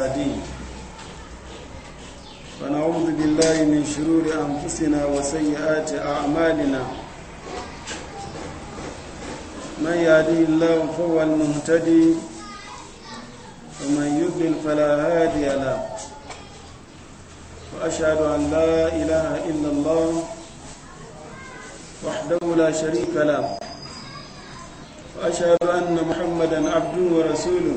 العليم ونعوذ بالله من شرور أنفسنا وسيئات أعمالنا من يهدي الله فهو المهتدي ومن يضلل فلا هادي له وأشهد أن لا إله إلا الله وحده لا شريك له وأشهد أن محمدا عبده ورسوله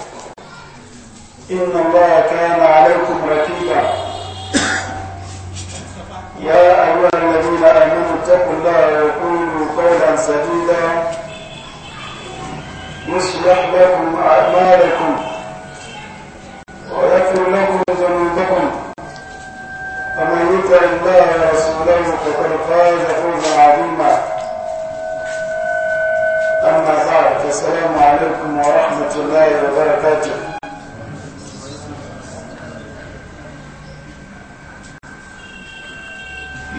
إن الله كان عليكم رقيبا يا أيها الذين آمنوا اتقوا الله وقولوا قولا سديدا يصلح لكم أعمالكم ويغفر لكم ذنوبكم ومن يطع الله ورسوله فقد فاز فوزا عظيما أما بعد فالسلام عليكم ورحمة الله وبركاته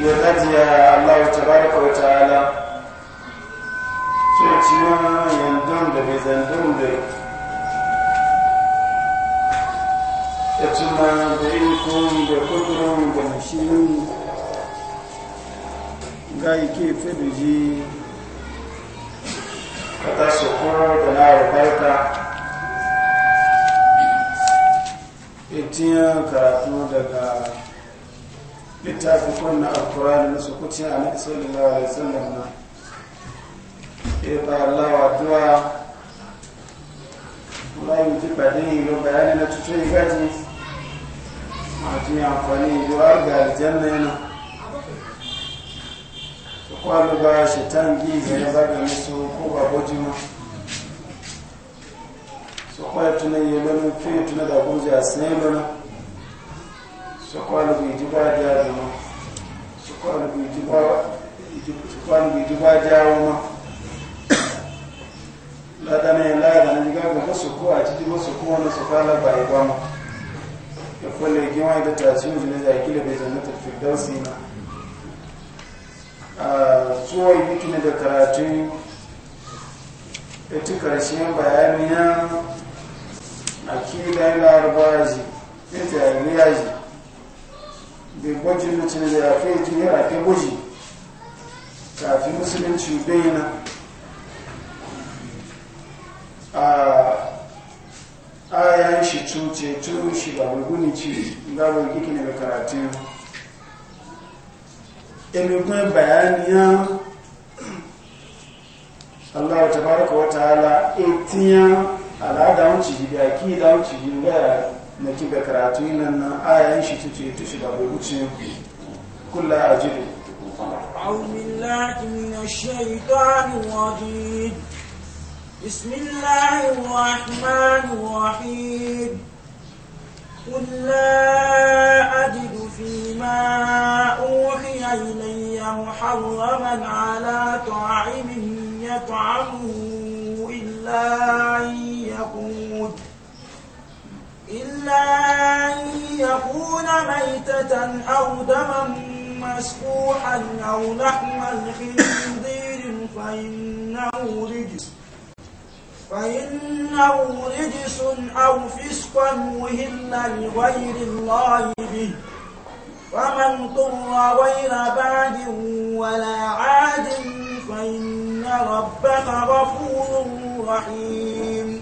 yanajiya Allah tabaraka wa ta'ala so ciwon yandun da bai zandun da ya tuna da ikon da kudurin da ka ta sokoro da na rubarka itiyan karatu daga littafin kunna alkurani na sukucin annabi sallallahu alaihi wasallam na e ba Allah wa duwa kuma yi mutum ba dai ga bayani na tuto yi gaji masu yi amfani duwa ga aljanna yana su kwallo ba shaitan gizo ya zaga musu ko ba gojima su kwallo tunan yi lona fiye tunan da gunji a sinai sokwalo bijuba jazuma sokwalo bijuba sokwalo bijuba jawuma ladana ya lada na jiga ga ba soko a cikin ba soko wani sokwala ba ya gama ya kwalle gima da tasirin jini da akila bai jannatar firdausi na a tsohon yiki da karatun ya ci karshen bayanin ya akila ya larabaji ya jahiliya ji bai gwajin na cin da ya fi jini a fi gwaji kafi musulunci bayyana a ayan shi cuce tun shi ba gurguni ci ga kiki ne da bayani ya bayaniya ta tabaraka wa ta'ala etiyan al'adawun ci gida ki da wuci gida نجيب kiga لنا آية nan na ayayin shi tuce ta shiga أعوذ بالله من الشيطان الرجيم بسم الله الرحمن الرحيم قل لا أجد فيما أوحي إلي محرما على طاعم يطعمه إلا أن يكون إلا أن يكون ميتة أو دما مسفوحا أو لحم خنزير فإنه رجس فإنه رجس أو فسقا مهلا لغير الله به فمن طر غير باد ولا عاد فإن ربك غفور رحيم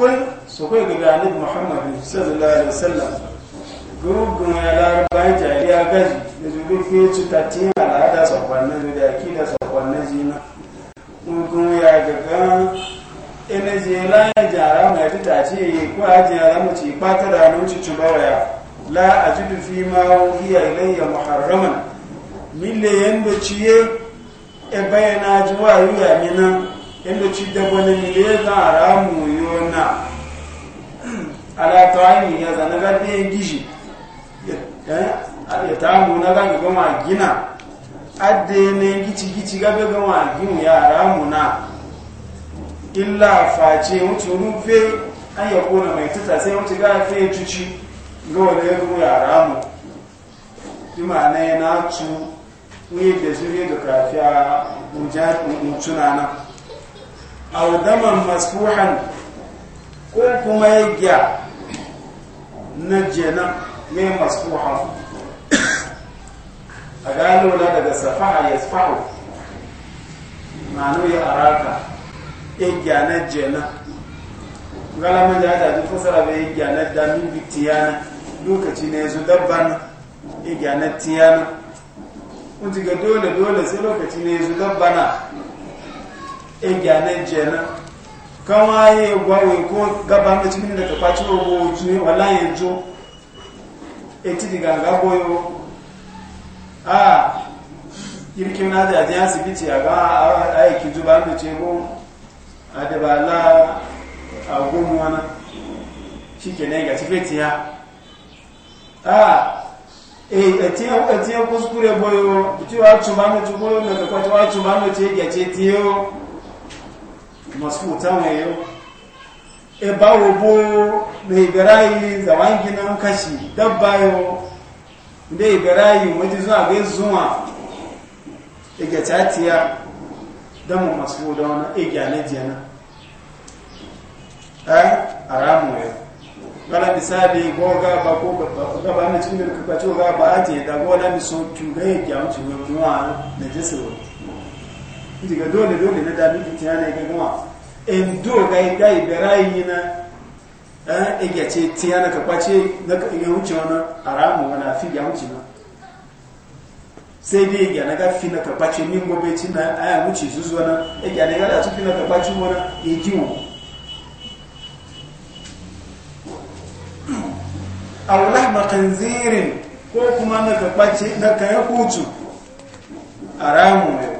kun su kai ga ganin muhammadu sallallahu alaihi wasallam gurugun ya larabar jariya gaji da zubi fiye su tattiyin al'ada sakwannin da akida sakwannin jina gurugun ya gaga ina je layan jara mai ta ce ko aji ya zama ce fata da hannun ci bawaya la a jidu fi ma wuhiya ilayya muharraman mille yanda ciye e bayyana ji wa yi yamina ci emechi debone miliye za haramu yona alato anyi ya zana ga biye gishi ya tamu na ga goma gina adde ne gici gici ga be goma ginu ya haramu na illa face wuce rufe an ya kona mai tuta sai wuce ga fe cuci ga wani ya ya haramu ima na yana tu wuyi da su yi da kafiya mutuna na aw daman masfuhan ko kuma ya gya na jena mai masfuhan a gano na daga safaha ya safahu ma'anu ya araka ya gya na jena galaman ya daji fasara bai gya na damin bitiyana lokaci ne su dabban ya gya na tiyana kun ga dole dole sai lokaci ne su dabbana egyanen kenan kama yi gwawe ko gaba da cikin da kakwacin rogo wuce wala yanzu eti diga ga goyo a kirkin na da ajiyar asibiti a ga aiki zuba da ce ko a da ba la a gomu wani shi ke nan ga tafeti ya a e, etiyan kuskure boyo cewa cuma mace goyo da kakwacin wa cuma mace ya ce e tiyo masu wutan e ba wobo na iberayi za wangi nan kashi dabba yo da iberayi waje zuwa ga zuwa ege tatiya damu masu wuda wani ege jiyana a eh, aramu ya gala misali goga ba ko gaba na cikin da kuka ci gaba a ce da gola mi so tuga ya kyamu cikin wani na jisirwa diga dole dole na dami ki tana ga gama em do ga ga yi na eh ga ce tiyana ka kwace na ya wuce wani aramu wani afi ya wuce na sai dai ya na gafi na ka kwace min gobe ci na aya wuce zuzuwa na ga na ga su fi na ka kwace wani ya wu Allah lahma khanzirin ko kuma na ka kwace na ka ya kutu aramu ne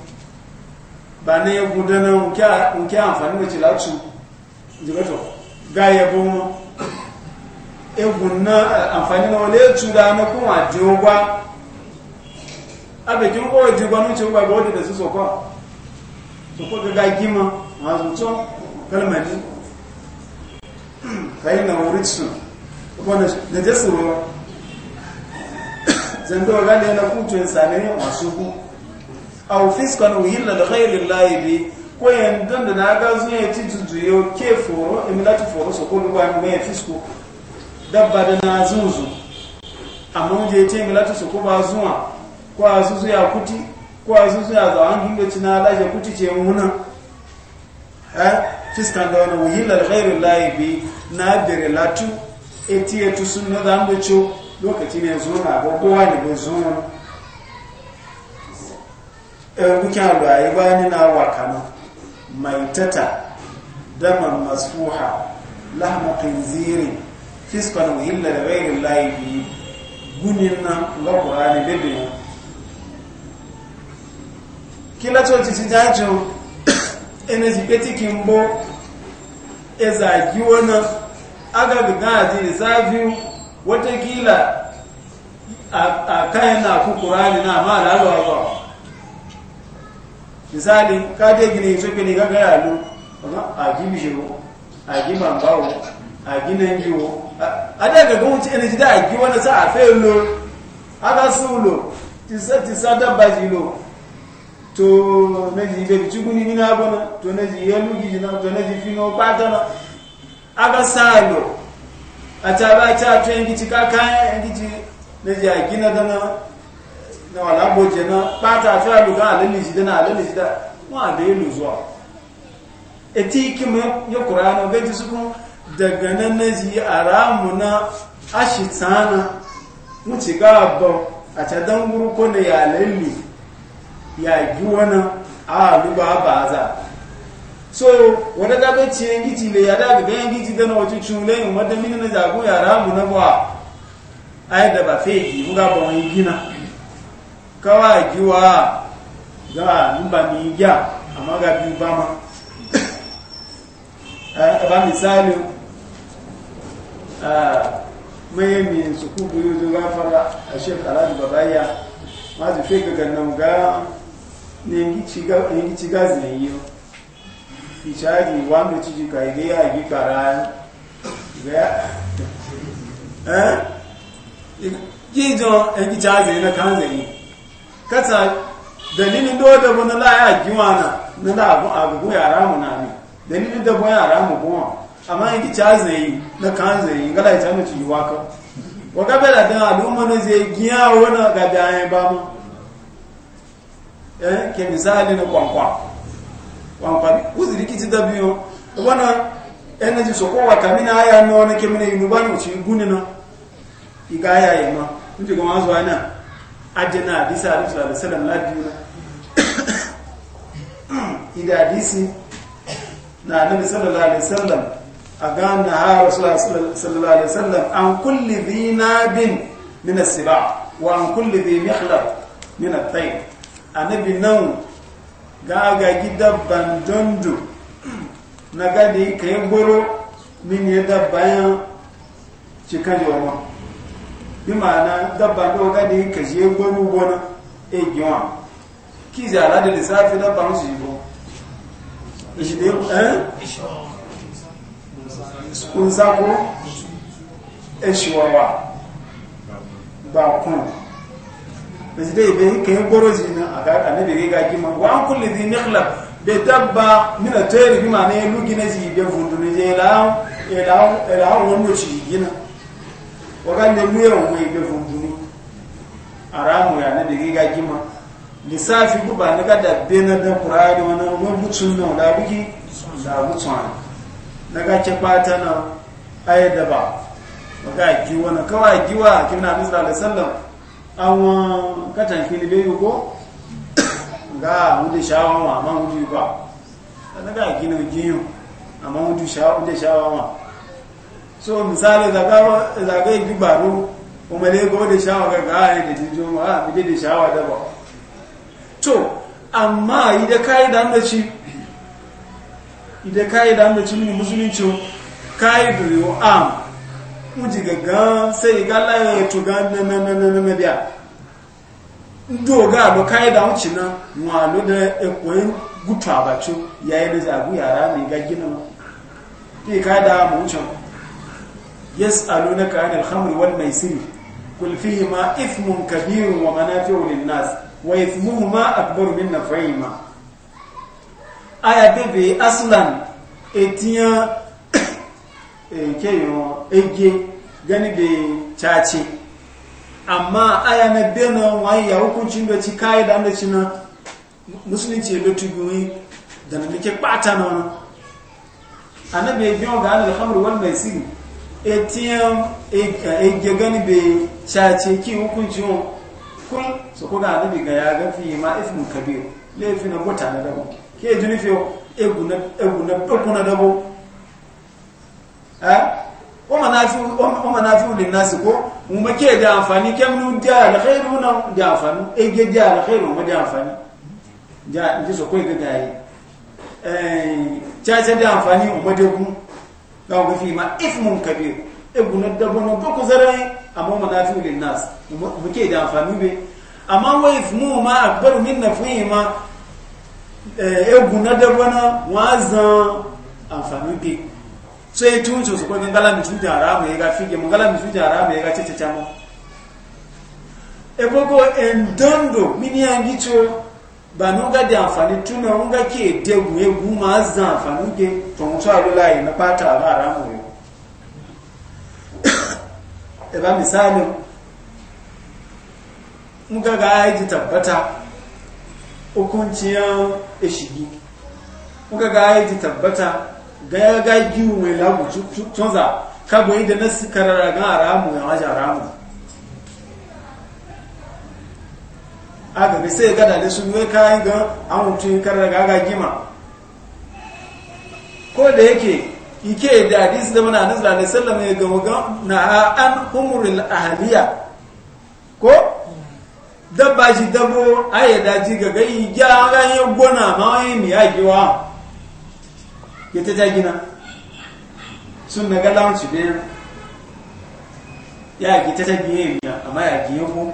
ba ne ya gudana nke amfani da cilatu jigato ga yabo mu egun na amfani na wale tura na kuma jogwa a bakin kowa jogwa nun ce gwa ga wadda da su sokwa sokwa ga ma masu tun kalmari kayi na wuritsu wanda da ruwa. zan dora gane na kutu yin sami masu hukun aw fiskan uhilla li ghayri llahi bi ko yandan da naga zuwa ci zuzuyo ke foro imilatu foro so ko ba mai fisko dabba da na zuzu amma je ce imilatu so ko ba zuwa ko azuzu ya kuti ko azuzu ya zawan hinga cina laje kuti ce muna ha fiskan da wani uhilla li ghayri llahi bi na dare latu etiye tusun na zambe cho lokaci ne zuwa ga kowa ne bai zuwa bukin eh, alwaye bayani na wakana maitata daman masfuha lahma qinzirin fiskon uhilla da gairin layi biyu gunin nan ga ƙurani bebe kila to ti jajo ene ji peti kimbo e zagi wani aga gaji zafi watakila a kayan na ku ƙurani na ma da alwa misali ka dai gine so gine ga gaya lu kuma a gimi shiro a gima bawo a ginan giwo a da ga gwamnati yana ji da a sa a fayin lo aka su lo tisa da dabba ji lo to na ji bai ci guni mina gona to na ji ya to na ji fino pata na sa lo a ta ba ta to yanki ci ka yanki ci na ji a gina da na na wala boje na bata fi aluga alali jida na alali jida wa da e yi zuwa eti kima ya kurano gaji su kun daga nan na ji aramu ramu na ashitana wuce ga abban a cadan guru ko na ya lalli ya gi wani a aluga ba za so wadda gabe ci yan le ya daga ga yan dana wacin cunle wadda mini na zago ya ramu na ba a yadda ba fegi muga ba wani gina kawa giwa ga numba eh, mi eh, ya amma ga biyu ba ma ba misali mai mi fara a shek alhaji babaya ma su fi ga nan ga ní títí ka kan zẹ̀yìn kata dalilin do da mun la ya giwana na da abu abu ya ramu na ni dalilin da boya ramu ko amma in ta zai na kan zai ga la ta mu ci waka wa ga bela da al'umma ne zai giya na ga da yan ba mu eh ke misali na kwankwa kwankwa uzuri kiti da biyo wana energy so ko wa kamina aya no ne ke mene yinu ba mu ci gunina igaya yema ndi ko mazo ana ajina hadisi a rufu da salam na biyu ida hadisi na Nabi sallallahu alaihi wasallam a gana ha rasulullah sallallahu alaihi wasallam an kulli dhinabin min as-siba wa an kulli dhi mihlab min at-tayr annabi nan gaga gida bandondo na gadi yi goro min ya bayan cikan yawon bimana ma'ana dabba ɗau gani ka je gbaru gona e gima ki zara da lissafi dabba musu yi gona ishi e ne eh kun sako eshiwawa ba kun ishi e dai bai ka yi gboro zina a ga annabi ga ma wa an kulli zi nikhlab bai dabba mina tayar bi ya lugi na zi bai ne je ila ila e ila wannan shi gina waga ne mu yawan wai da funduni aramu ya na digi ga gima lissafi ku ba ni ga da bena da qur'ani wani mun butun nan da biki da butun na ga ce bata na aye da ba waga gi wani kawai giwa kina nabi sallallahu alaihi wasallam an katan fili be yugo ga mu da shawawa amma mu ji ba na ga gina giyo amma mu da shawawa so misali zagaye yi gbaru kuma ne da shawa ga ah, da jinjin ma a ah, da shawa to amma yi kayi da da idan kayi da ci ne musulunci kayi da yiwu am muji gaga ga laye to ga na na na na na biya ndo ba kayi da na nwalo da ekwoyin gutu abacin da zagu yara ma ke kayi da يسألونك عن الخمر والميسر قل فيهما إثم كبير ومنافع للناس وإثمهما أكبر من نفعهما aya bebe aslan إتيا keyan ege gani be amma aya na bena wani ya hukuncin da ci kayi da da cina musulunci ya tubiyoyi da na muke bata na wani annabi ya biyo ga mai siri etiyan egegani be shace ki hukunci hun kun su kuga alibi ga ya gafi ma ifin kabiru laifi na gota na dabo ke ji nufi egu na ɗauku na dabo o mana fi ulin nasi ko mu make da amfani kemnu da alkhairu na da amfani ege da alkhairu ma da amfani da ji so ko ga gaye eh chace da amfani umma da kuma don ga fi ma ismun kabir ibn dabon ko ku zare amma munafiqu lin nas muke da amfani be amma wa ismu ma akbaru min nafihi ma ibn eh, dabon wa amfani be so e so ko ngala mi haramu ara ga fige ngala mi haramu ara ga chamo e endondo eh, mini angito ba nu ga da amfani tuna un ga ke de guye guma zan amfani ke tun mu sa lula yi na fata ba ramu yo e ba misali mun ga ga ai ji tabbata hukunciyan eshigi mun ga ga ai ji tabbata ga ga giwu mai lagu tunza ka boye da nasu karara ga ramu ya waje ramu aga bai sai gada da su ne kayan ga an mutu kar daga aga gima ko da yake ike da hadis da muna nazar da sallama ya gamu ga na an humurul ahliya ko dabba shi dabo aye da ji ga ga ya ga ya gona ma yi mi ya ya ta gina sun na ga launci ne ya gi ta ta giye amma ya giye ko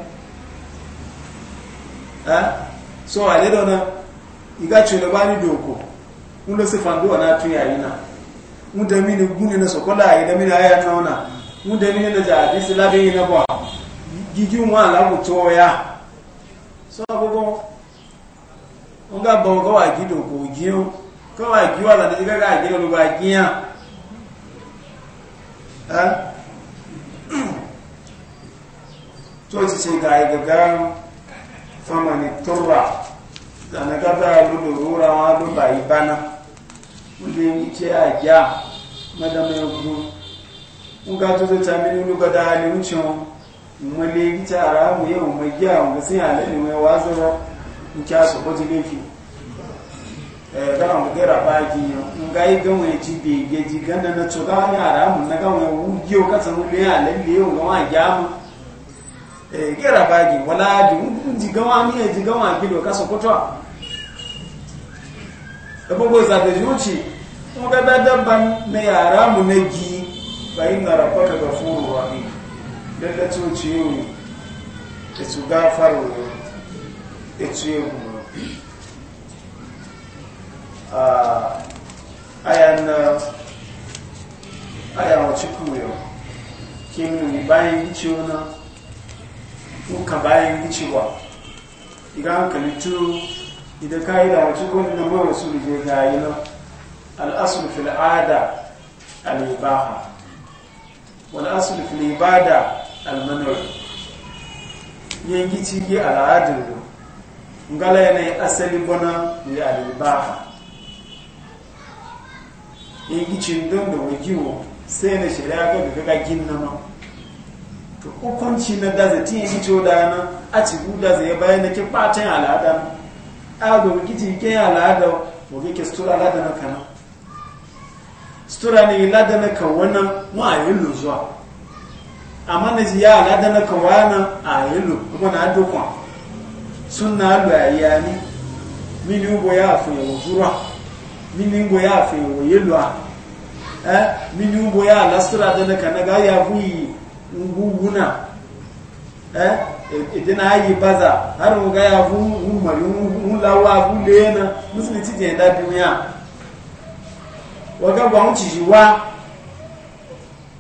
eh so ale dona iga chule bani doko undo sifando na tu yayi na muda mini gune na sokola ayi da mini aya naona muda mini da jadisi labe ina ba gigi mwa la kutoya so gogo nga bo ko wa gido ko giyo ko wa giwa la diga ga gido lu ba giya ha to ti se ga ga famani turra zana gaba ludurura wa duba bana wanda yi ce a gya madama ya gudu nga to ta mini da halin cin mali gita a ramu yau mai gya sun halin mai wazara in kya su kwaji laifi gana mu gera baki in ga yi gama ya ji na tsoga wani a mu na gama ya wuge kasan wani halin mu gẹ́ra báyìí wọ́n láàájú jìgánwà ní ẹ̀jìgánwà ìpínlẹ̀ ọ̀ká sọpọ́tọ́ ẹgbogbo ìsàtẹ̀júwòchì wọ́n gẹ́gẹ́ dẹ́bà ní yàrá mú méjì báyí nàrà pọ́kẹ̀kọ̀ fún òwúrọ̀ ní gẹ́gẹ́ tí ó ti yóò ètò gáfàrò ètò ewu ayan ayan ọ̀chíkù na kí nù ìbáyìí tí ka bayan gicewa iga hankali tu idan ka yi dawaci gwani na mawar su da je ga yi na al'asul fil ada al'ibaha wani asul fil ibada al'manar yin gici gi al'adun ngala yanayi asali bana ne al'ibaha yin gicin don da wajiwo sai na shirya ga daga nama to hukunci na da zai tiye shi ciwo da nan a ci guda zai bayan da ke fatan al'ada a ga rikici ke al'ada mu ga ke sutura al'ada na kana sutura ne al'ada na kan wannan mu a yi luzuwa amma na ji ya al'ada na kan wannan a yi lo kuma na dukwa sun na lu a yi ani mini ugbo ya fi yawo zuwa mini ugbo ya fi yawo lo a eh, mini ugbo ya la sutura da na kana ga ya buyi nguguna eh idina yi baza har ga ya fu mu mari mu lawa fu lena musulmi ti je da biya wa ga ba mu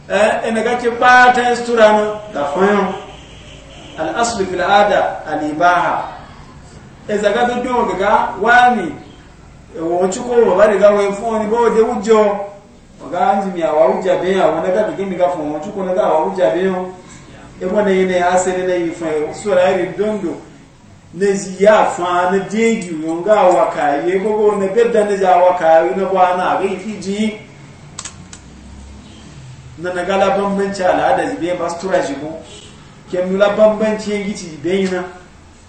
eh ene ga ke ba ta isturano da fayon al asl fil ada al ibaha eza ga do ga wani wo chuko wa ba ga we fu ni bo de ujo ga anji mi awa uja be ya wona ga bigi mi ga fun won chuko na ga awa uja be yo e wona yene asere na yi fun so ra ri dondo ne zi ya fa ne dengi won ga awa ka ye gogo ne be da ne ja awa ka yi na ba na ga yi ji na na gala bambanci al'ada zi be bastura ji ko kem la bambanci yin gici be ina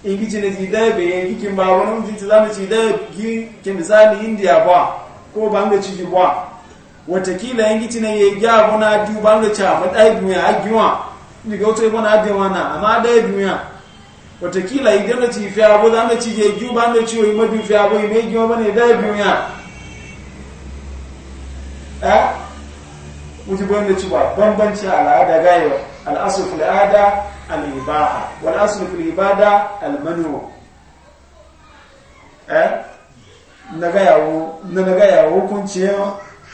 in gici ne zi da be yin gikin ba wani mutum ci zamu ci da gi ke misali india ba ko banga ci ba watakila yangi tina ye gyabo na adi ɗaya duniya a, giwa agiwa ndiga oto ibona adi wana ama ɗaya duniya watakila yi idana ci fi abu da ci je juba na ci oyi madu fi yi mai giwa bane dai dunya eh uji da ci ba bambanci al'ada gayo al'asu fil al'ibaha al ibaha wal aslu Na gaya yawo naga yawo hukunci yawa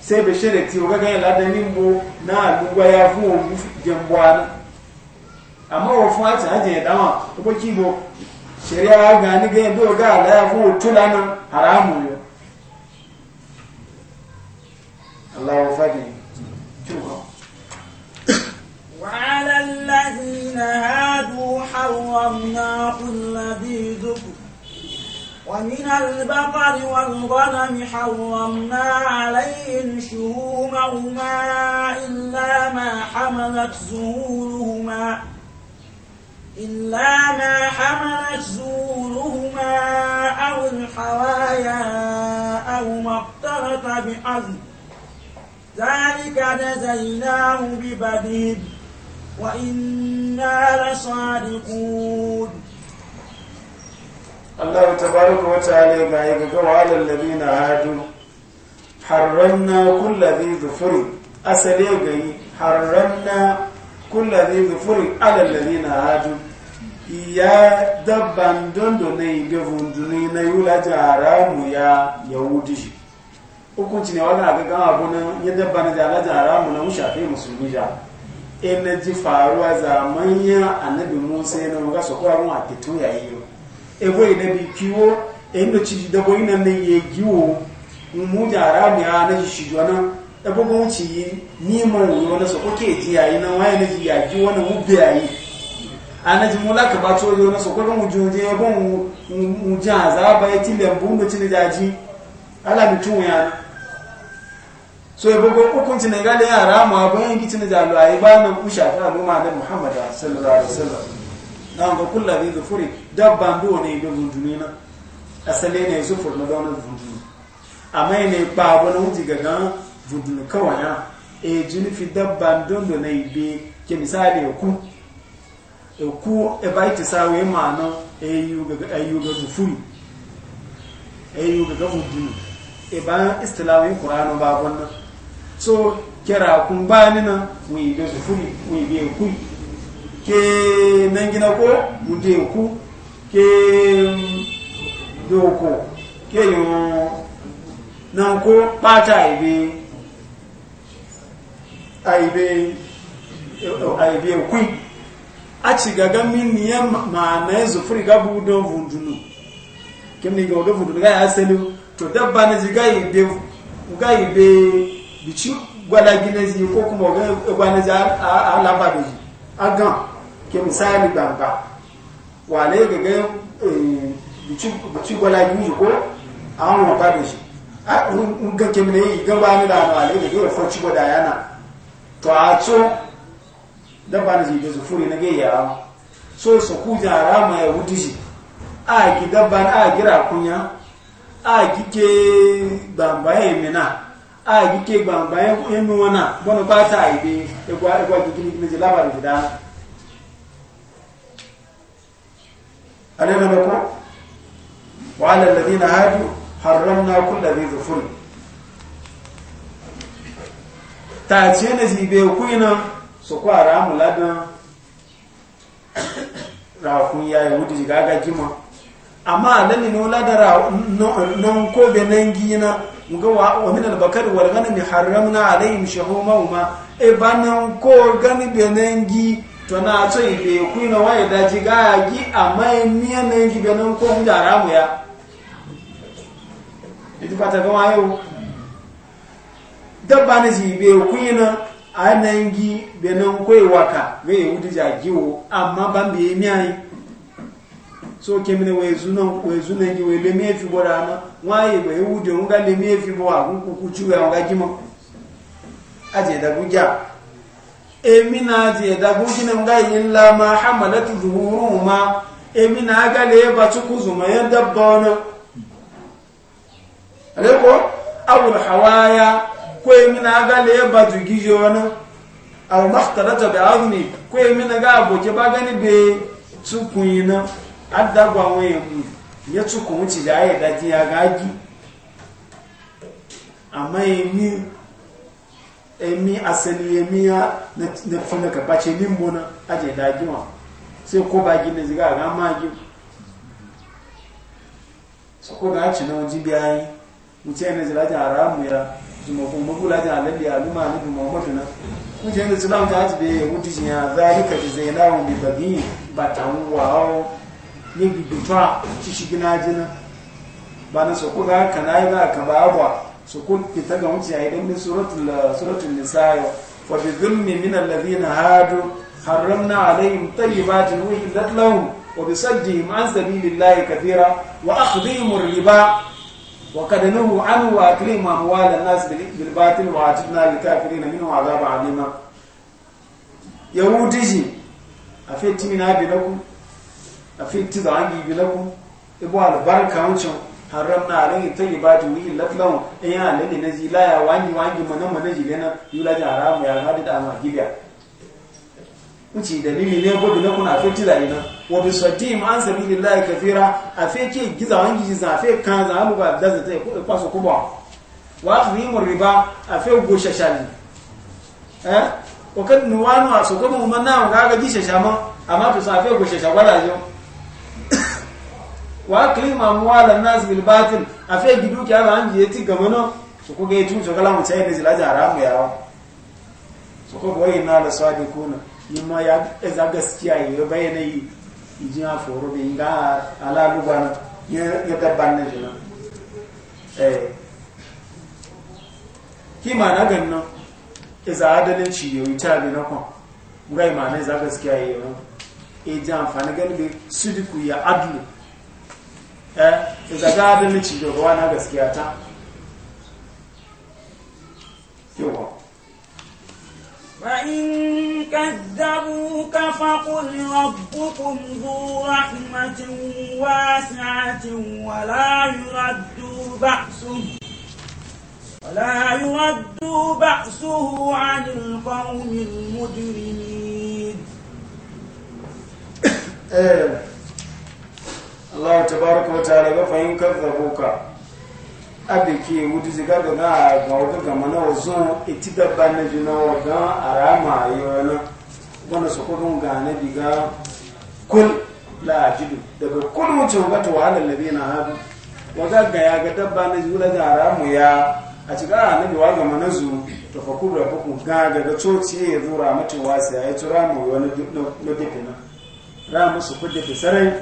sai bai ti oga ganyen ladan nimbo na alugba ya fún òun jẹmbo ara àmọ́ wọ́n fún àti àjẹ́ ìdáwọn ọgbọ́n kí bọ́ ṣẹ̀rí ara gan ní gẹ́gẹ́ bí ọgá àdáyà fún òtú lánàá haramu yọ aláwọ̀ fàdé túbọ̀ وعلى الذين هادوا حرمنا كل ذي ذكر ومن البقر والغنم حرمنا عليهم شهومهما إلا ما حملت زهورهما إلا ما حملت زهورهما أو الحوايا أو ما اقترف بأرض ذلك جزيناه ببديل وإنا لصادقون Allah tabaraka wa ta'ala ga yi ga walal ladina hadu harranna kulladhi dhufuri asali ga yi harranna kulladhi dhufuri ala ladina ya dabban dondo ne ga vunduni na yula jaramu ya yahudi hukunci ne wannan ga gama abu nan ya dabban jala jaramu na mushafi musulmi ja in e ji faruwa zamanya annabi musa yana ga su kwaron a fito yayi ewe ina bi kiwo endo ci dabo ina ne ye giwo mu jara mi ana ji shi jona ebo go ci ni mo wo na so ko ke ji ayi na wa ina ji ya ji wona mu bi ayi ana ji mu la ka ba to yo na so ko go mu ju je ebo mu mu ja za ba e ti le bu mu ti ne ja ji ala mi tu ya so ebo go ko kun ti ne ga le ara mu abo yin ki ti ne ja lo ayi ba na ku sha ta mu ma da muhammad sallallahu alaihi wasallam na ga kullu bi dhufuri dabba ndo ne be vunduni na asale ne su furma da wani vunduni amma ne ba wani wuji ga gan vunduni kawai ya e jini fi dabba ndo ndo ne be ke misali ku ku e ba ita sawe ma na e yu ga ayu ga zufuri e yu ga e vunduni e ba istilawin qur'ano ba wannan so kera kun ba ni na mu yi da zufuri mu yi be ku ke nan gina ko mu de ku ke doko ke yon nan ko pata aibe aibe aibe kwi a ci gaga mini ya ma'ana ya zufuri gabu don vundunu kim ni gaga vundunu ga ya asali to dabba na ji ga ibe ga ibe bici gwada gina ji ko kuma ga gwada ji a labarai a gan ke misali gbangba wale gaga bici gwala biyu ko a an rufa da shi a ga bani da wale gaga ya farci gwada yana to a zai da zufuri na gaya so su ku ya wuti a gi dabban a gira kunya a gike bambaye mina a gike bambaye enu wana bono ba ta ibe alaihi wa wa ala alladhina hadu harramna kullu dhi dhufur ta ce na zibe kuina su kwara mu ladan rakun ya wuti ga ga jima amma nan ne ladara nan ko be nangi na ngo wa min al-bakar wal ghanam harramna alayhim shuhumahuma e banan ko gani be nangi tona tso ile kuina waye daji ga gi amaye miya na gi benon ko mu daramu ya idi pata ko ayo dabba ne ji be kuina anan gi benon ko iwaka me yudi ja giwo amma ban be miya yi so kemine wezuna wezuna gi wele me fi bora na waye be yudi nga le me fi bo agun kuku ya nga gimo aje da guja emi na je da gugin ga illa ma hamalat zuhuruhuma emi na ga le ba tuku zuma ya dabba wana aleko awul hawaya ko emi na ga le ba dugi jona aw makhtarata bụ azmi ko emi na ga boke ba gani be tukun na adda gwa ya tukun ci da ya da ji ya emi emi asali emi ya na fina ka bace ni mona aje dagiwa sai ko ba gina ziga ga magi so ko da ci na waji biyayi mutse ne zira ta haramu ya zuma ko magula ta halalli aluma ne bi muhammadu na mutse ne zira ta ji be wuti ya zalika bi zainawu bi bagi wa o ni bi ta ci gina jina ba na so ko ga kana ga ka ba سكون تتجمع سيعيدين من سورة, سورة النساء وبذلم من الذين هادوا حرمنا عليهم طيبات وحلت لهم وبصدهم عن سبيل الله كثيرا وأخذهم الربا وقد نهوا عنه وأكلهم أموال الناس بالباطل وعاتبنا لكافرين منه عذاب عظيما يهودي أفيت من أبي لكم أفيت تضعني بلكم إبوال باركة أنشون haramna alayhi tayyibati wa illat lahu eh, in ya lalle na zila ya wangi wangi mana mana jigana yula ga haramu ya hadi da ma gibiya uci nini ne gobe na kuna fiti da ina wa bi sadim an sabilillahi kafira afi ke giza wangi giza afi kan za mu ba da zata ko eh, kwaso kubo? wa akhdhimu riba afi gosha shali eh wa kad nuwanu aso ko mu manna ga ga gisha shama amma to safi gosha shagwala yau wa klima muwala nas bil batil afe gidu ki ala anji yeti gamano su ko gaitu su kala mu sai da zilaja haramu yawa su ko boye na da sadiquna yimma ya za gaskiya ya bayyana yi ijin aforo foro bi ga ala lugana ya ya dabban ne jina eh ki na ganna eza adalin shi yoyi ta bi na kon ngai ma ne za gaskiya yayi e jan fa na ganbe sudiku ya adlu eh za ga abin miki ruwa na gaskiya ta yawa wa in kadzabu ka fa qul rabbukum hu rahmatun wasi'atun wa la yuraddu ba'sun ولا يرد Allah ta baraka wa ta'ala ga fahim kazzabuka ke wuti ziga ga na ga wudu ga mana wazo iti dabba na jina wa ga arama yana wanda su ko gun ga na diga kul la jidu daga kul mutum ga to halal ladina hadu wa ga ga ya ga dabba na jula ga aramu ya a cika a annabi wa ga mana zu ta fa kubra kuku ga ga ga coci ya zo mata wasu ya yi tura mai wani na dukkan ramu su kudu da sarai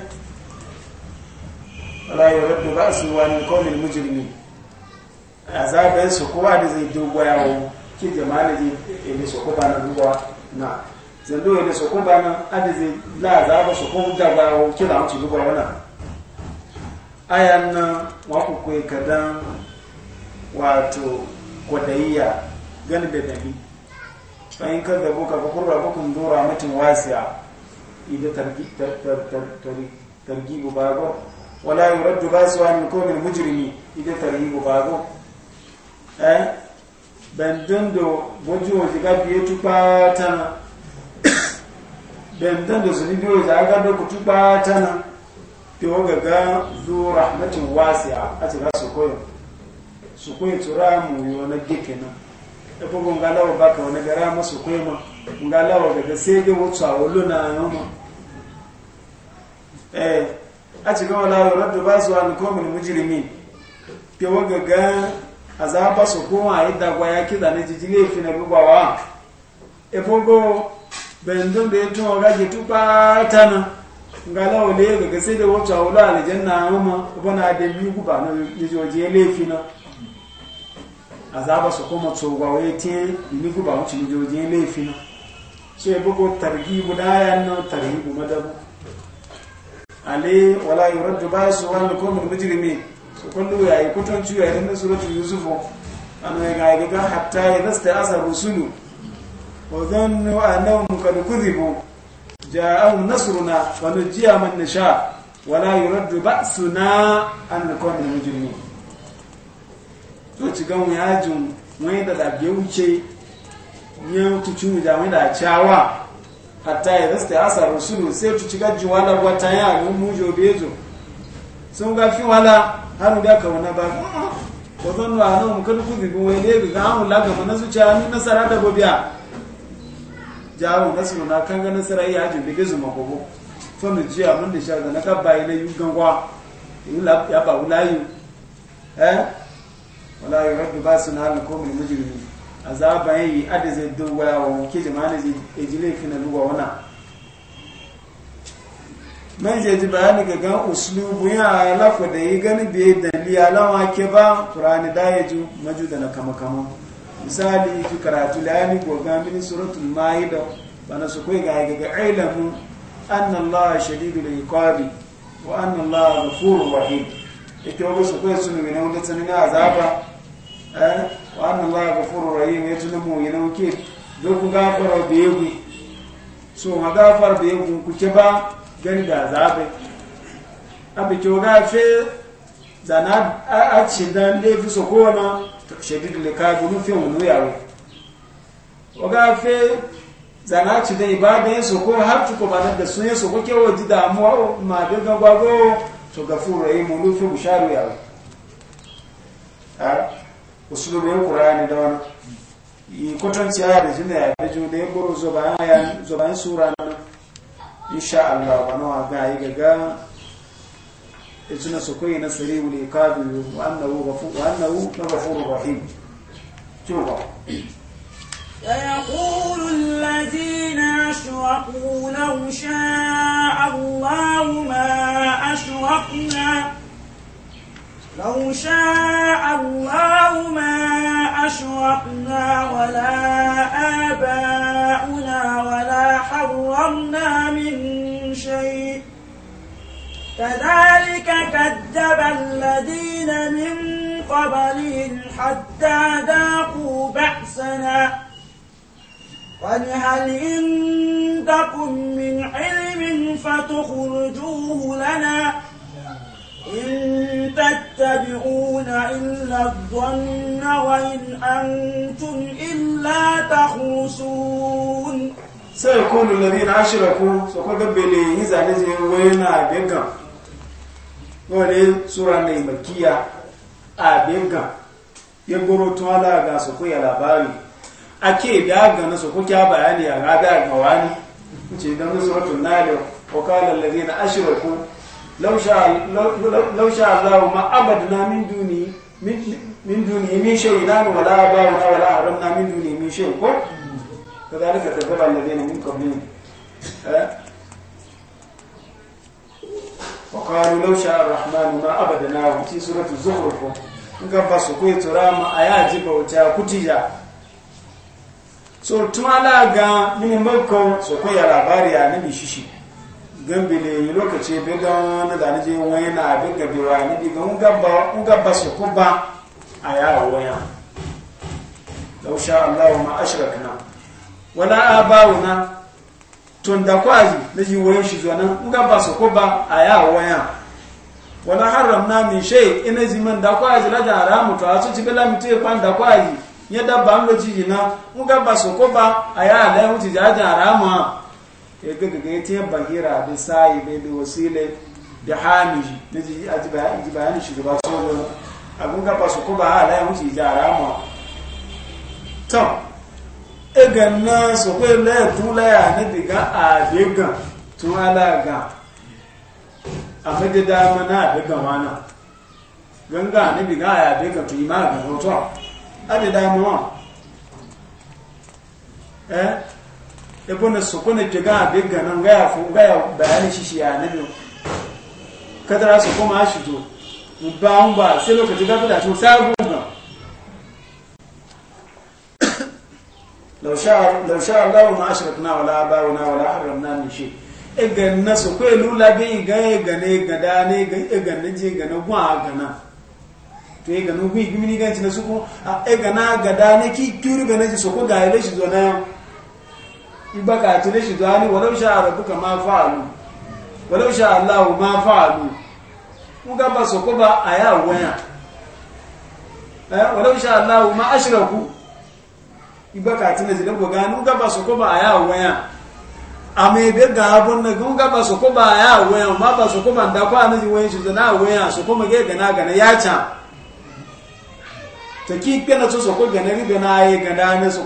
wala yuraddu ba'su an qawlil mujrimin azaban su kowa da zai dogo yawo ki jama'a ji ne su ko bana duwa na zando ne su ko bana adi zai la azaba su ko da bawo ki da mutu duwa wana ayan nan wa wato kwadayya gani da dabi fa'in ka gabo ka fa kurra bukun mutum targi ba wala yuraddu ba'su an qawmin mujrimi ida taribu bago eh bendondo boju ojiga biye tupatana bendondo zuni biyo zaga do kutupatana gaga zu rahmatin wasi'a ati ga sokoyo sokoyo tura mu yo na gekena e bogo ngalawo baka wona gara mu sokoyo ma ngalawo daga sege wotsa olona yoma eh a ci gawa la yuraddu ba su an komin mujrimin ke waga ga azaba su kuma a yadda gwaya kiza na jiji fi na rubawa e fogo bendon da ya tuwa gaji tuba tana ga lawale ga gase da wata wula aljanna amma bana da biyu guba na jijoje laifi na a azaba su kuma tsogawa ya te ni guba wuce jijoje laifi na so ya bugo targibu da ayan nan targibu madabu Ali wala yuraddu ba'su wal qawmul mujrimin so kullu ya ikutun ciwa idan suratul yusuf an ya ga ga hatta yasta asar rusulu wa dhannu annahum qad kudhibu ja'ahum nasruna wa najiya man nasha wala yuraddu ba'suna an qawmul mujrimi to ci gan ya jun mai da da wuce ya tucu da mai da chawa hatta ya zasta asa rusulu sai ci cigar wala, wata ya ga mu jobe zo sun ga fi wala har da ka wani ba ko zan wa nan mu kan kudi bi bo wai dai ga mu laga mu na zuciya ni nasara da gobiya jawo nasu na kan ga nasara ya ji bi ma gobo to ni ji abun da shaga na ka bai na yu gangwa yu la ya ba wala yu eh wala yu rabbi basuna ko mu mujrimin azaba yi adi zai duwa wa ke jama'a zai ejile fi na luwa wana mai je ji bayani ga gan uslubu ya lafa da yi gani biye dalili alawa ke ba qur'ani da ya ji maju da na kama kama misali ki karatu layani ko mini suratun mayi da bana su kai ga ga annan lawa shadidu da iqabi wa da furu wahi Ita wani su kai sunu ne wanda tsanin azaba Eh? wa anna allaha ghafurur rahim ya tuna mu yana ke do ku gafara da yego so ma gafara da yego ku ce ba gani da zabe abi ke ga fe zana a ci dan le fi so ko na shedid le ka bu fi mu ya ro ga fe na ci dan ibada yin so ko har ku ba da sun yin so ko ke waji damuwa ma da gagwago so gafurur rahim mu fi busharu ya ro usulubin qur'ani da wani yi kwatanci a da jina ya fi juna yin buru zobayan sura na insha Allah wani wa ga yi gaga ijina su kuyi na siri wuli kadu wa annahu na gafuru rahim kyau ba ويقول الذين أشركوا لو شاء الله ما أشركنا لو شاء الله ما أشركنا ولا آباؤنا ولا حرمنا من شيء كذلك كذب الذين من قبلهم حتى ذاقوا بأسنا قل هل عندكم من علم فتخرجوه لنا ۖ إن تتبعون إلا الظن وإن أنتم إلا تخرصون سيكون الذين أشركوا سيكون قبلي إذا نزل وين أبيكم wale sura mai makiya a ya goro tuwala ga su kuya labari ke da gana su kuka bayani a gada ga wani ce don suratun nalo wa na ashiraku لو شاء لو شاء الله ما عبدنا من دوني من دوني من شيء لا ولا باونا ولا حرمنا من دوني من شيء كذلك كذب الذين من قبلهم وقالوا لو شاء الرحمن ما عبدناه في سورة الزخرف nkan ba su kuyi turama a yaji bauta kutija so tuma la ga mini bakon su kuyi labari a nabi shishi gambile yi lokaci bi don na zane je wani na abin gabe wa ni bi gan gaba un gaba su kuba a ya waya law sha Allah ma ashrakna wala abauna tun da kwaji na ji wayan shi zo nan un gaba su kuba a ya waya wala haramna min shay ina ji man da kwaji la da haramu to asu ci bela mutu kwan da kwaji ya dabba an loji na un gaba su kuba a ya la wuti da haramu ya ga ga ya tiyan bahira da sa'i bai da wasile da hamiji na ji a ji bayanin shugaba sojo abin gaba su kuma hala ya wuce ji a rama tom egan na su kai laye tulaya na diga a began tun ala ga a maje dama na began wana ganga na diga a began tun yi ma ga hoto a da dama wa eh ibn sukuna tega abin ganin gaya fu gaya bayani shi shi ya nabi kadara su kuma shi to mu ba mu ba sai lokaci ga fita to sai gunga law sha law sha Allah ma ashrakna wala abauna wala harramna min shi ega na su ko lula bi ga ga ne ga da ne ga ega ne je ga na gwa ga na to ega no bi gimini ga ci na su ko egan na ga da ne ki turu ga na soko so ko ga ile shi zo na ibaka tuni shi zuwani walau sha rabbuka ma fa'alu walau sha Allahu ma fa'alu mu gaba sokoba so ba waya eh walau sha Allahu ma ashraku ibaka tuni zidan go ga mu ga ba so ko ba waya ame be ga abun na mu ga ba waya ma ba so ba waya shi ga ya na so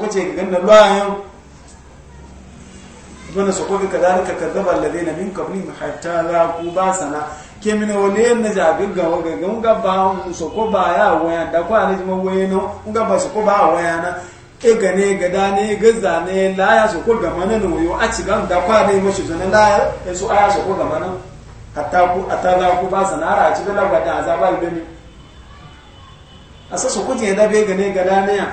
dona su kofi kadalika kadzaba alladhina min qablihim hatta laqu basana kemina wale na jabi ga waga ga nga ba so ko ba ya waya da ko ani jima wayeno nga ba so ko ba waya na e ga ne ga da ne ga za ne la ya so ko ga mana no yo a ci ga da ko ani mo shi zana la ya so aya so ko ga mana hatta ku hatta la ku ba sana ra ci ga la da azaba ibe ni asa so ko je da be ga ne ga da ne ya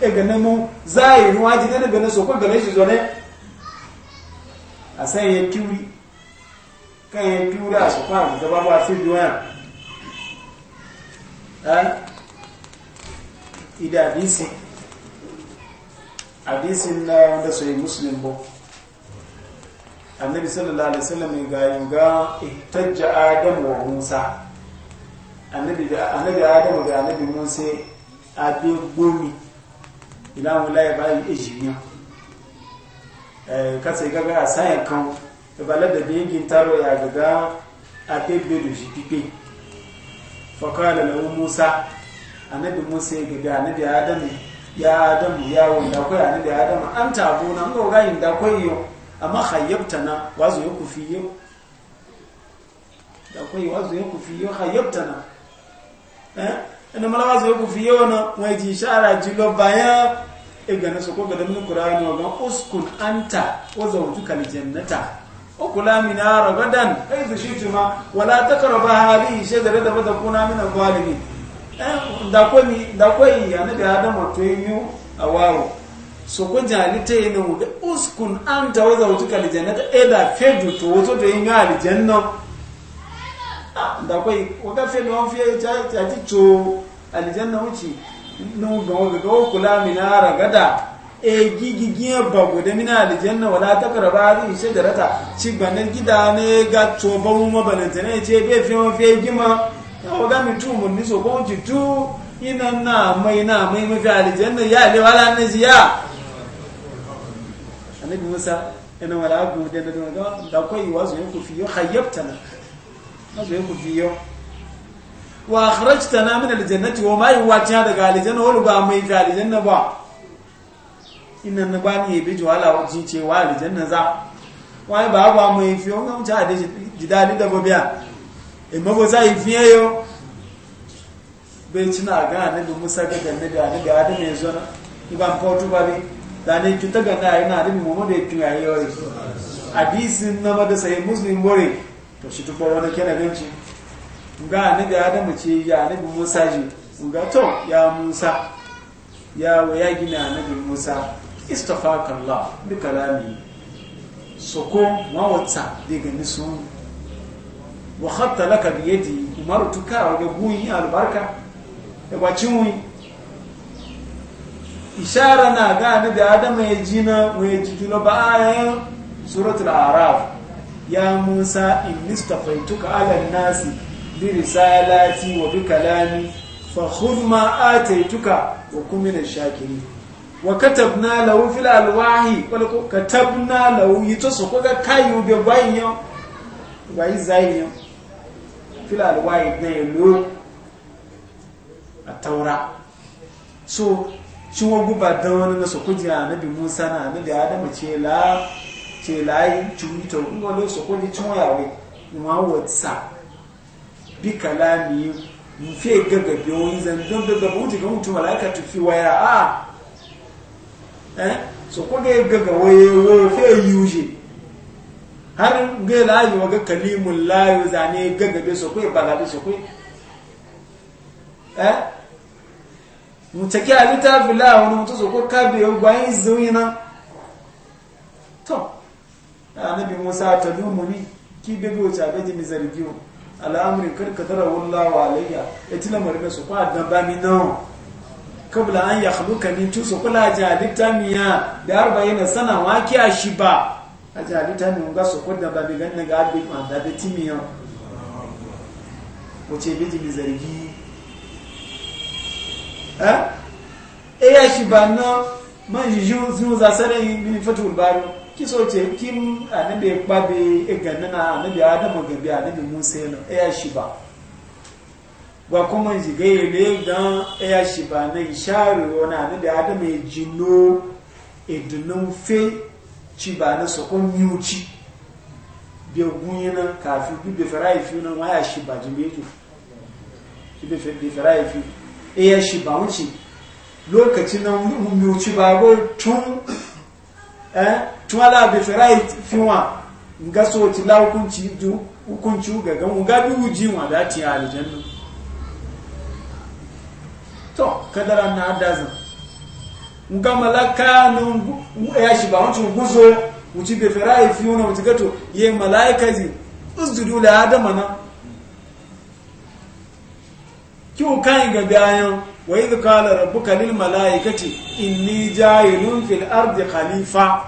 e ga ne mu zai ruwa ji da ne ga ne so ko ga ne shi zo ne asan ya tiuri kan ya tiuri a sukwa gaba ba fi duwa a ida hadisi hadisin na wanda sai muslim bo annabi sallallahu alaihi wasallam ga yanga ihtajja adam wa musa annabi da annabi adam ga annabi musa abi gomi ila wala ya bayi ejinya Eh, kasa gaga a sayan kan da balar da biyangin taro ya gaga a bebe da shi pipe fakala na musa annabi musa ya gaga annabi adamu ya adamu ya wanda kwai annabi adamu an tabo na ga rayin da kwai yau amma hayyabta na wazo ya kufi yau da kwai wazo ya kufi yau hayyabta na eh ina mala wazo ya kufi yau na mai ji shara jigo bayan igana su ko ga damin qur'ani wa gan uskun anta wa zawjuka aljannata ukula min ara gadan shi'tuma wa shi juma wala shajarata fa takuna shi da dhalimin da ko ni da ko yi ya nabi adam to yi awawo so ko jalita mu wuda uskun anta wa jannata e da fedu to wato to yi janna da ko yi ko fedu on fiye ta ti to aljanna wuci nu ga ga kula mina ragada e gigigiyar bago da mina aljanna wala ta karaba zai ishe da rata ci gbanin gida ne ga tsoban mabalanta ne ce bai fi mafi gima ta mi tu mun niso ko tu. ina na mai na mai mafi aljanna ya le wala na ziya annabi musa ina wala abu da da da kai wazo yanku wa akhrajta na min aljannati wa ma yuwatiha daga aljanna wa ba mai ga aljanna ba inna na ba ni yabe jwala wajin ce wa aljanna za wa ba ba mai fi on gam ta da jidali da babiya e mago za ifi fiye yo be tina ga ne annabi Musa ga da ne annabi ga da ne zo na iban fotu ba bi da ne cuta ga na yana da mu mu da yake yayi hadisin na ba da sai muslim bore to shi to ko wani kenan ganci ga ga adamu ce ya annabi musa ji ga to ya musa ya ya gina annabi musa istafaka allah bi kalami soko wata daga so wa khatta laka bi yadi umartuka wa buyi albarka da bacin mu ishara na ga da adamu ya jina wa ya jitulo ba ayan suratul araf ya musa in istafaituka ala nasi bi risalati wa bi kalami fa khudh ma ataituka wa kun min ash-shakirin wa katabna lahu fil alwahi wala katabna lahu yito so ko ga kayu be bayin bayi zayin fil alwahi ne lo at-taura so shi wa guba dan wani na so kuji annabi Musa na annabi Adam ce la ce la yi cuyi to kun ga lo so ko ni cuyawe ma whatsapp bi kalami gaga biyoyin zan don gaga mu ji ga mutum malaka tufi waya a eh so ko ga gaga waye wo fe yuje har ga la yi wa ga kalimul la yu zane gaga be so ko ba ga be so ko eh mu take alita bila wani mutu so ko ka be gwayin zuyina to annabi Musa ta lumuni ki bebe wacce abin jini zargiyo al'amurin karkatar wallawa alayya ya tila marina su kwa dan ba mi nan kabla an ya haluka ni tu su kula jalita miya da harba arba'ina sana waki a shi ba a jalita mi ga su kudda ba bi ganin ga abin ma da bi timiyan wace biji mi zargi eh? eh ya shi ba nan man yi yi zuwa zasarai mini fatul baro kiso ce kim annabi babe ganna na annabi adamu gabe annabi musa yana ya shiba. Wa ba kuma jigaye ne gan ya shi ba na ishari wani annabi adamu ya jino idunan fe ci ba na sokon bi biya gunyina kafi bibe farayi fi nan waya shi ba jimeto bibe farayi fi ya shiba ba wuce lokacin nan yuci ba go tun eh tuwala bi right fiwa nga so ti la hukunci du hukunci ga ga mu ga bi uji wa da ti aljanna to kadara na dazan nga malaka no ya shi ba wancu guzo uci bi right fiwa na uci gato ye malaika ji usjudu la adama na ki o kan ga bayan wa idh qala rabbuka lil malaikati inni ja'ilun fil ardi khalifa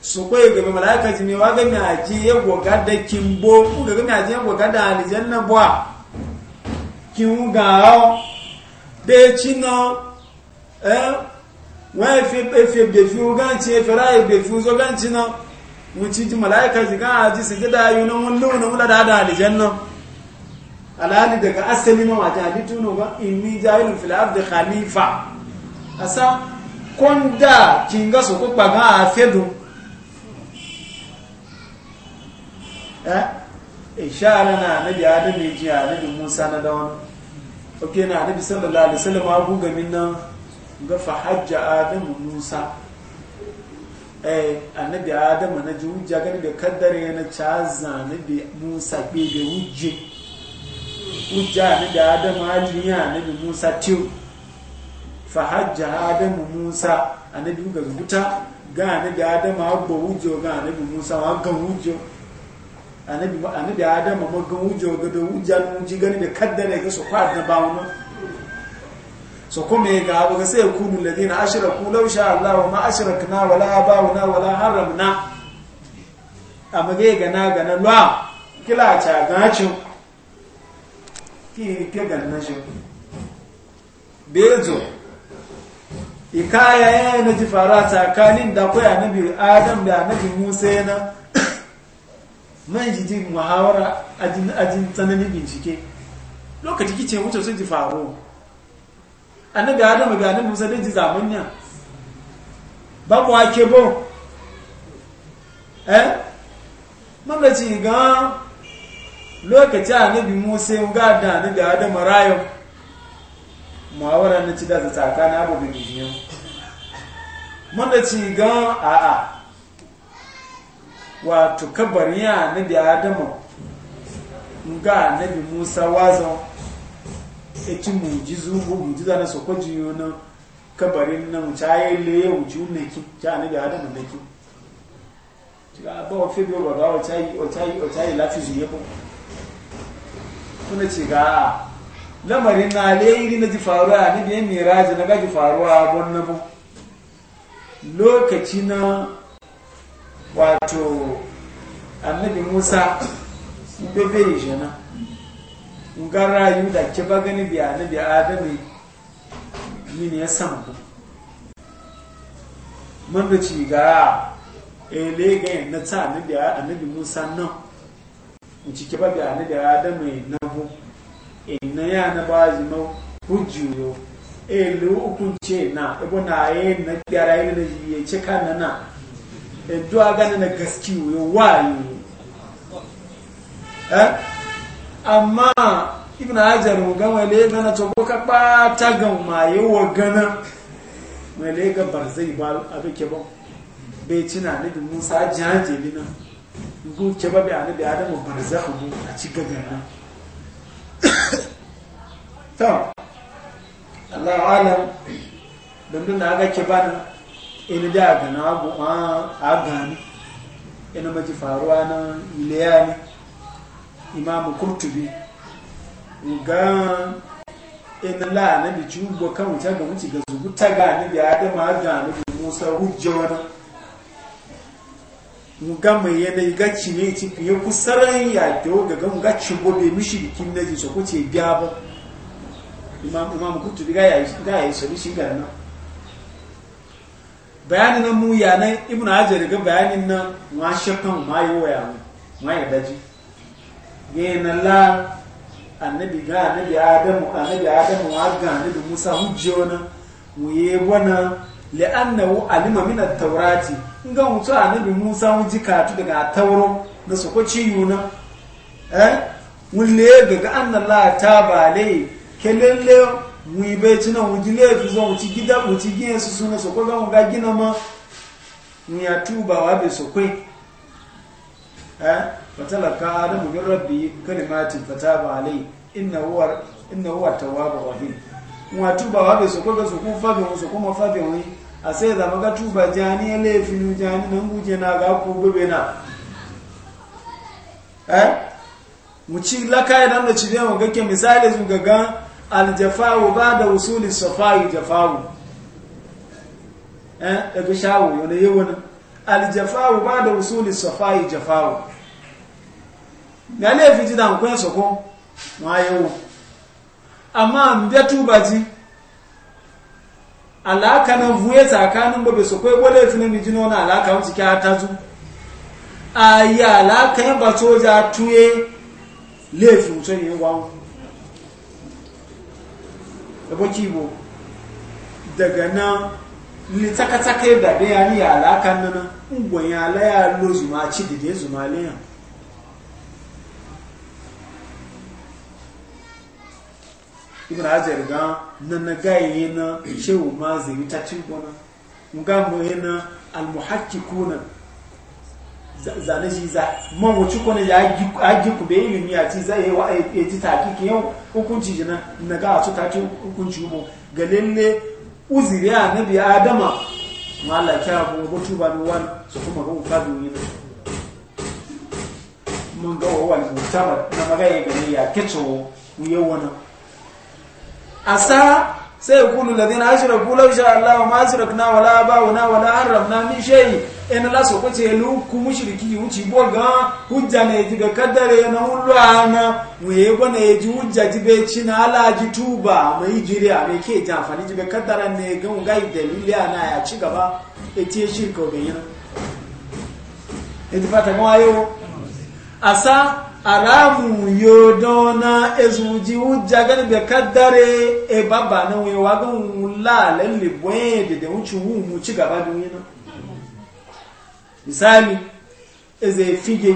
su koyi gaba malaika ji ne wa ga mi aji ya goga da kimbo ku ga mi aji ya goga da aljanna bwa kin ga o de chino eh wa fi fi be fi ga ci fi rai be fi zo ga chino mu ci ji malaika ji ga aji su da yunan wannan wannan da da aljanna alhali daga asali ma wajen halittu no ga inni jahilun fil ardi khalifa asa konda kinga so ko paga afedu eh ishara na nabi adam ne ji nabi musa na dawon oke na nabi sallallahu alaihi wasallam abu gamin nan ga fa hajja adam musa eh annabi adam na ji ga kaddare na caza nabi musa be be hujja ni da adamu ajin ya bi musa tiyo fa hajja adamu musa bi ga zubuta ga ni da adamu agbo hujjo ga bi musa wa ga hujjo anabi da adamu ma ga hujjo ga da hujja mu ji gani da kaddare ga su kwadda ba mu so kuma ga abu ga sai kunu ladina ashraku law sha Allah ma kana wala ba wala haramna amma ga na ga na lwa kila ga gacin ki ke ganna shi bezo ikaya ya na ji fara tsakanin da koya na biyu adam da na ji musa yana man ji ji muhawara ajin tsananin bincike lokaci kice wuce su ji faro annabi adam da annabi musa da ji zamanya ba ku ake bo eh mamaci ga lokaci annabi musa ya ga da annabi adam rayo muawara na ci da ta na abu da biyu ci ga a a wato kabarin ya annabi adam ga annabi musa wazon eti mujizu mujiza na sokoji na kabarin na caye laye wuce ki ta annabi adam naki ga ga abubuwan cayi wadawa cayi o cayi lafi zuye ko suna ce ga lamarin na lairi na ji faruwa ni biyan miraji na gaji faruwa a na mu lokaci na wato annabi musa bebe yi jana ngar rayu da ke ba gani biya annabi adamu min ya sama ku mun da ci ga ele eh, ga na ta annabi musa nan cike ba da ni da mai nabu inna ya na ba ji no hujju elu ce na ebo na ye na gara ile na ye cika na na edu aga na gaskiyo yo wayi eh amma ibn ajar mu ga wale gana to ka ba ta ga ma ye wa gana wale ga barzai ba abike ba bai cina ni musa jaje ni na zuciya ba bai anabi adamu barzakhu a ci gagan nan to Allah alam don nuna aga ke na ina da aga na abu a ni ina maji faruwa na iliya ni imamu kurtubi ga ina la na bi ci ugbo kan wuce ga wuce ga zubuta ga ni da ma ga ni musa hujja na. muga mai yanayi ga cime ci fiye kusurin ya ke o gaga muga ci gobe mishi da kim naji so kuce biya ba imam kutu diga ya yi ga ya shi ga nan bayanin nan mu ya nan ibnu hajar ga bayanin nan ma shakan ma yi waya mu ma ya daji ga na la annabi ga annabi adamu annabi adamu wa ga annabi musa hujjewa na mu yi wana li'annahu alima min at-taurati ga mutu annabi Musa mun ji daga tauro da su ko yuna eh wulle daga annallahi ta bale kelele mu be tuna mu ji le fi zo mu gida mu ci gina su suna su ko ga mu ga gina ma mu ya tuba wa be su kai eh fatalaka adamu min rabbi kalimatin fataba alai innahu innahu at-tawwabur rahim mwatuba wabe sokobe sokufabe sokoma fabe wi aseza makatuba jani elefu jani n'angu nanguje na gakubebe na eh muchila kai nan da cibiyan gake misali zu gaga aljafawu bada usuli safai jafawu eh daga shawu yana yi wani aljafawu bada usuli safai jafawu na lefi jidan kun soko ma yawo amma mbiya tubaji alaka na vuye tsakanin babe su kwai gwale fi na mijin wani alaka wani ciki ta zu a yi alaka yin ba coja tuye laifin mutum yin gwamn ɗabo kibo daga nan litaka-taka yadda ya ni alaka nana ngwanya ala lo zuma ci da zuma layan ibn hajar ga na na gaye na shehu ma zai ta ci gona nga mu yana al kuna zane shi za man wuce kone ya aji ku bai ilimi a ci zai yawa ya ji takiki yau hukunci jina naga ga a su taki hukunci mu ga ne uziri a nabi adama ma Allah kya ko wato ba ni wani su kuma ga uka duniya mun ga wa wani mutama na magaya gari ya kitso mu yawana asa sai kulu ladina ashraku law sha Allah ma ashrakna wala bauna wala harramna min shay in la so ko lu ku mushriki wuci boga hujja ne diga kadare na ulwana we go ne ji hujja ji be ci na ala ji tuba mai jiri a be ke ta fani diga kadara ne ga ga dalili ana ya ci gaba e ce shirka ga yana e ta fata ayo asa aramu yodona ezuji ujaga ni bekadare e baba na we waga mula lalle bwede de uchu wu mu ci gaba duniya misali eze fige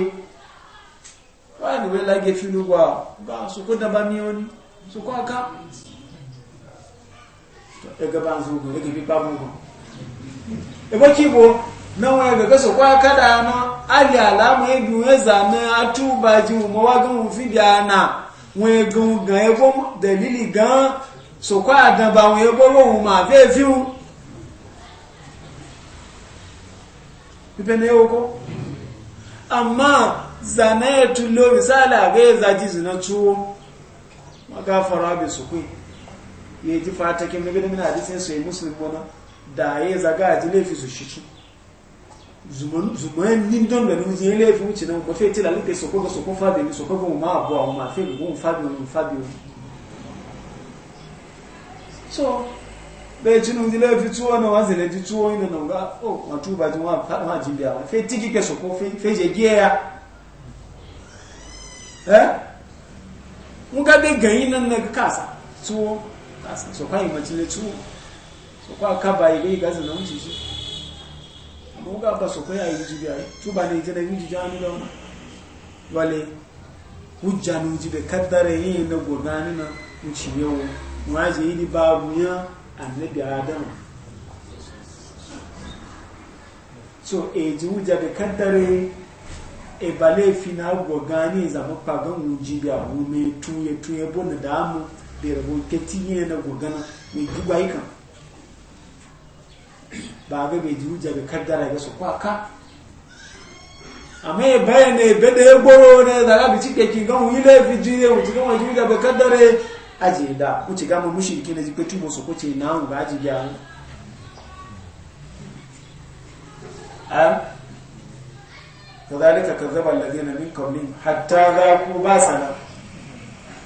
wani we lage filu wa? ba su ko daba mioni su ko aka e gaba nzugo e gibi babu e bo kibo nan waya ga gasa kwa kada ma ali alamu ya bi wani zane a tuba ji mu wa gan fi na wani gan gan ya ko dalili gan so kwa adan ba wani ya gbogbo ma fe fi wọn ibe na yau ko amma zane ya tullo misali a ga ya zaji zina tuwo magafara bai su kwe ya ji na gani hadisin da ji su shi zuman nin don da nuzi ya laifin wuce nan mafi ya tila linkai soko ga ne soko ga ma abuwa ma fi ga gun fabi ne fabi ne so bai ci nuzi laifi tuwo na wanzu laifi tuwo ina ga o ma tuba jin ma soko fi je giya ya mun ga bai ne nan kasa tuwo kasa soko yi macin le soko a yi ga yi gasa mo ga ba so ko ya yi jibi ai tu ba ne je da miji jani da wale hujja nu ji da kaddare yi na gogani na mu ci yau mu aje yi babu ya annabi adam so e ji hujja da kaddare e ba fina na e za mu pagan mu jibi abu me tuye tuye bona damu da rabo ketiye na gogana mai duba ikan ba ga bai ji hujja da kaddara ga su kwaka amma ya bayyana ya bada ya goro ne da bici ke ki gan wuyi laifi ji ne wuce gan wajen da bai kaddara aji da ci gama ke na jikin tumo su kuce na hun ga aji ka zaba lalzai na min kaunin hatta ba sana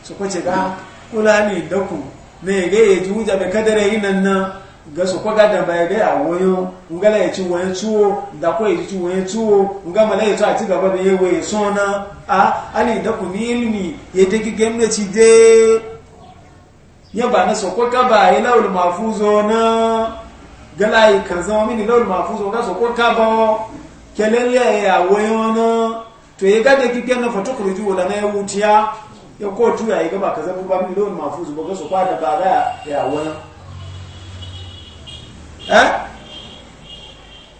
su kuce ga kula ne da ku ne ga ya ji hujja da kadare yin nan ga su kwaga da bai ga awoyo nga la yaci wani tuwo da ko yati ci wani tuwo nga mala yaci a ci gaba da yewa sona a ani da ku ni ilmi ya ta ki gwamnati de ya ba na sokwa ka ba ya laul mafuzo na gala yi kan zama mini laul mafuzo ga sokwa ka ba kelen ya ya awoyo na to ya ga da ki gana fa tukuruju wala na ya wutiya ya ko tuya ya ga ba ka zama ba mini laul mafuzo ba ga sokwa da ba ga ya awoyo Eh?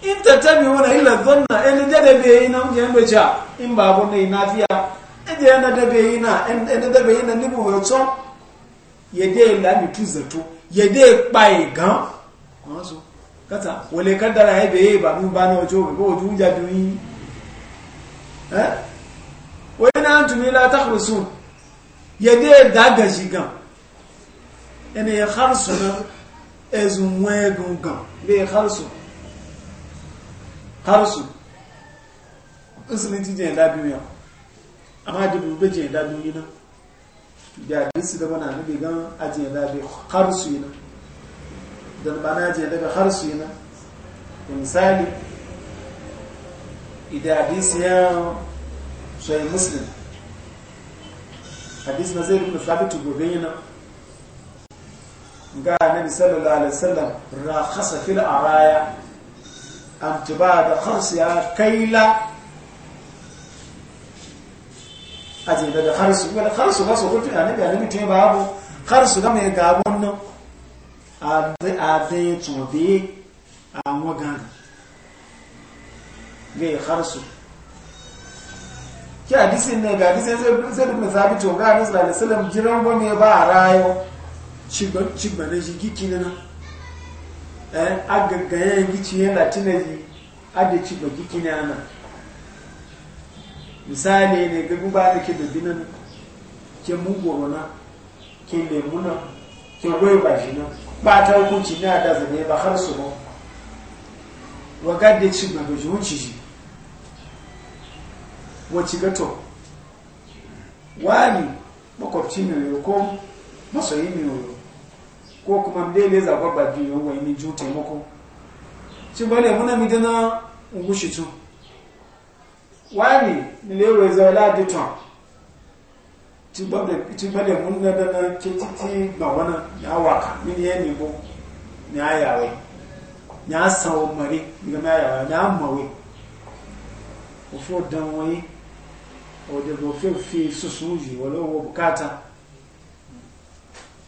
in tattabi wani illa zanna in da yi na mujiyan bacha in ba abu na in da yi na in da da yi na nibu tu zato gan kata wale ba eh na takhrusun gan ene ezun wegun gan be kharsu kharsu usulin ti jin labi ya amma da bu be jin labi yana da hadisi da bana nabi gan ajin labi kharsu yana dan bana jin daga kharsu yana misali idan hadisi ya sai muslim hadisi na zai rubuta sabitu gobe yana ga annabi sallallahu alaihi wasallam rakhasa fil araya amtibada kharsiya kaila azin daga kharsu wala kharsu ba su kuntu annabi annabi te babu kharsu ga mai gabon nan ade ade tobe àwọn gan ga kharsu ki hadisi ne ga hadisi zai sai da sabi to ga annabi sallallahu alaihi wasallam jiran gome ba a rayo cigba na shi giki na eh, a gaggayen gici yana tunaji a da cigba giki na ana misali ne gabi ba da ke da binan ke mugoro na ke lemuna ke goyi ba shi na ba ta hukunci na da zane ba har su ba wagar da cigba ga shi hunci shi wacce gato wani makwabci mai ko masoyi mai ko kuma dele zaba ba biyu wani ni ju taimako ci bale muna mi dana ngushi tu wani ne le we zo la de ton ci bale ci bale na dana ke titi ba wana ya waka min ye ni bo ni ayawe ni asawo mari ni ma ayawe ni amawe ofo dan wai o de bo fe fi susuji wala wo bukata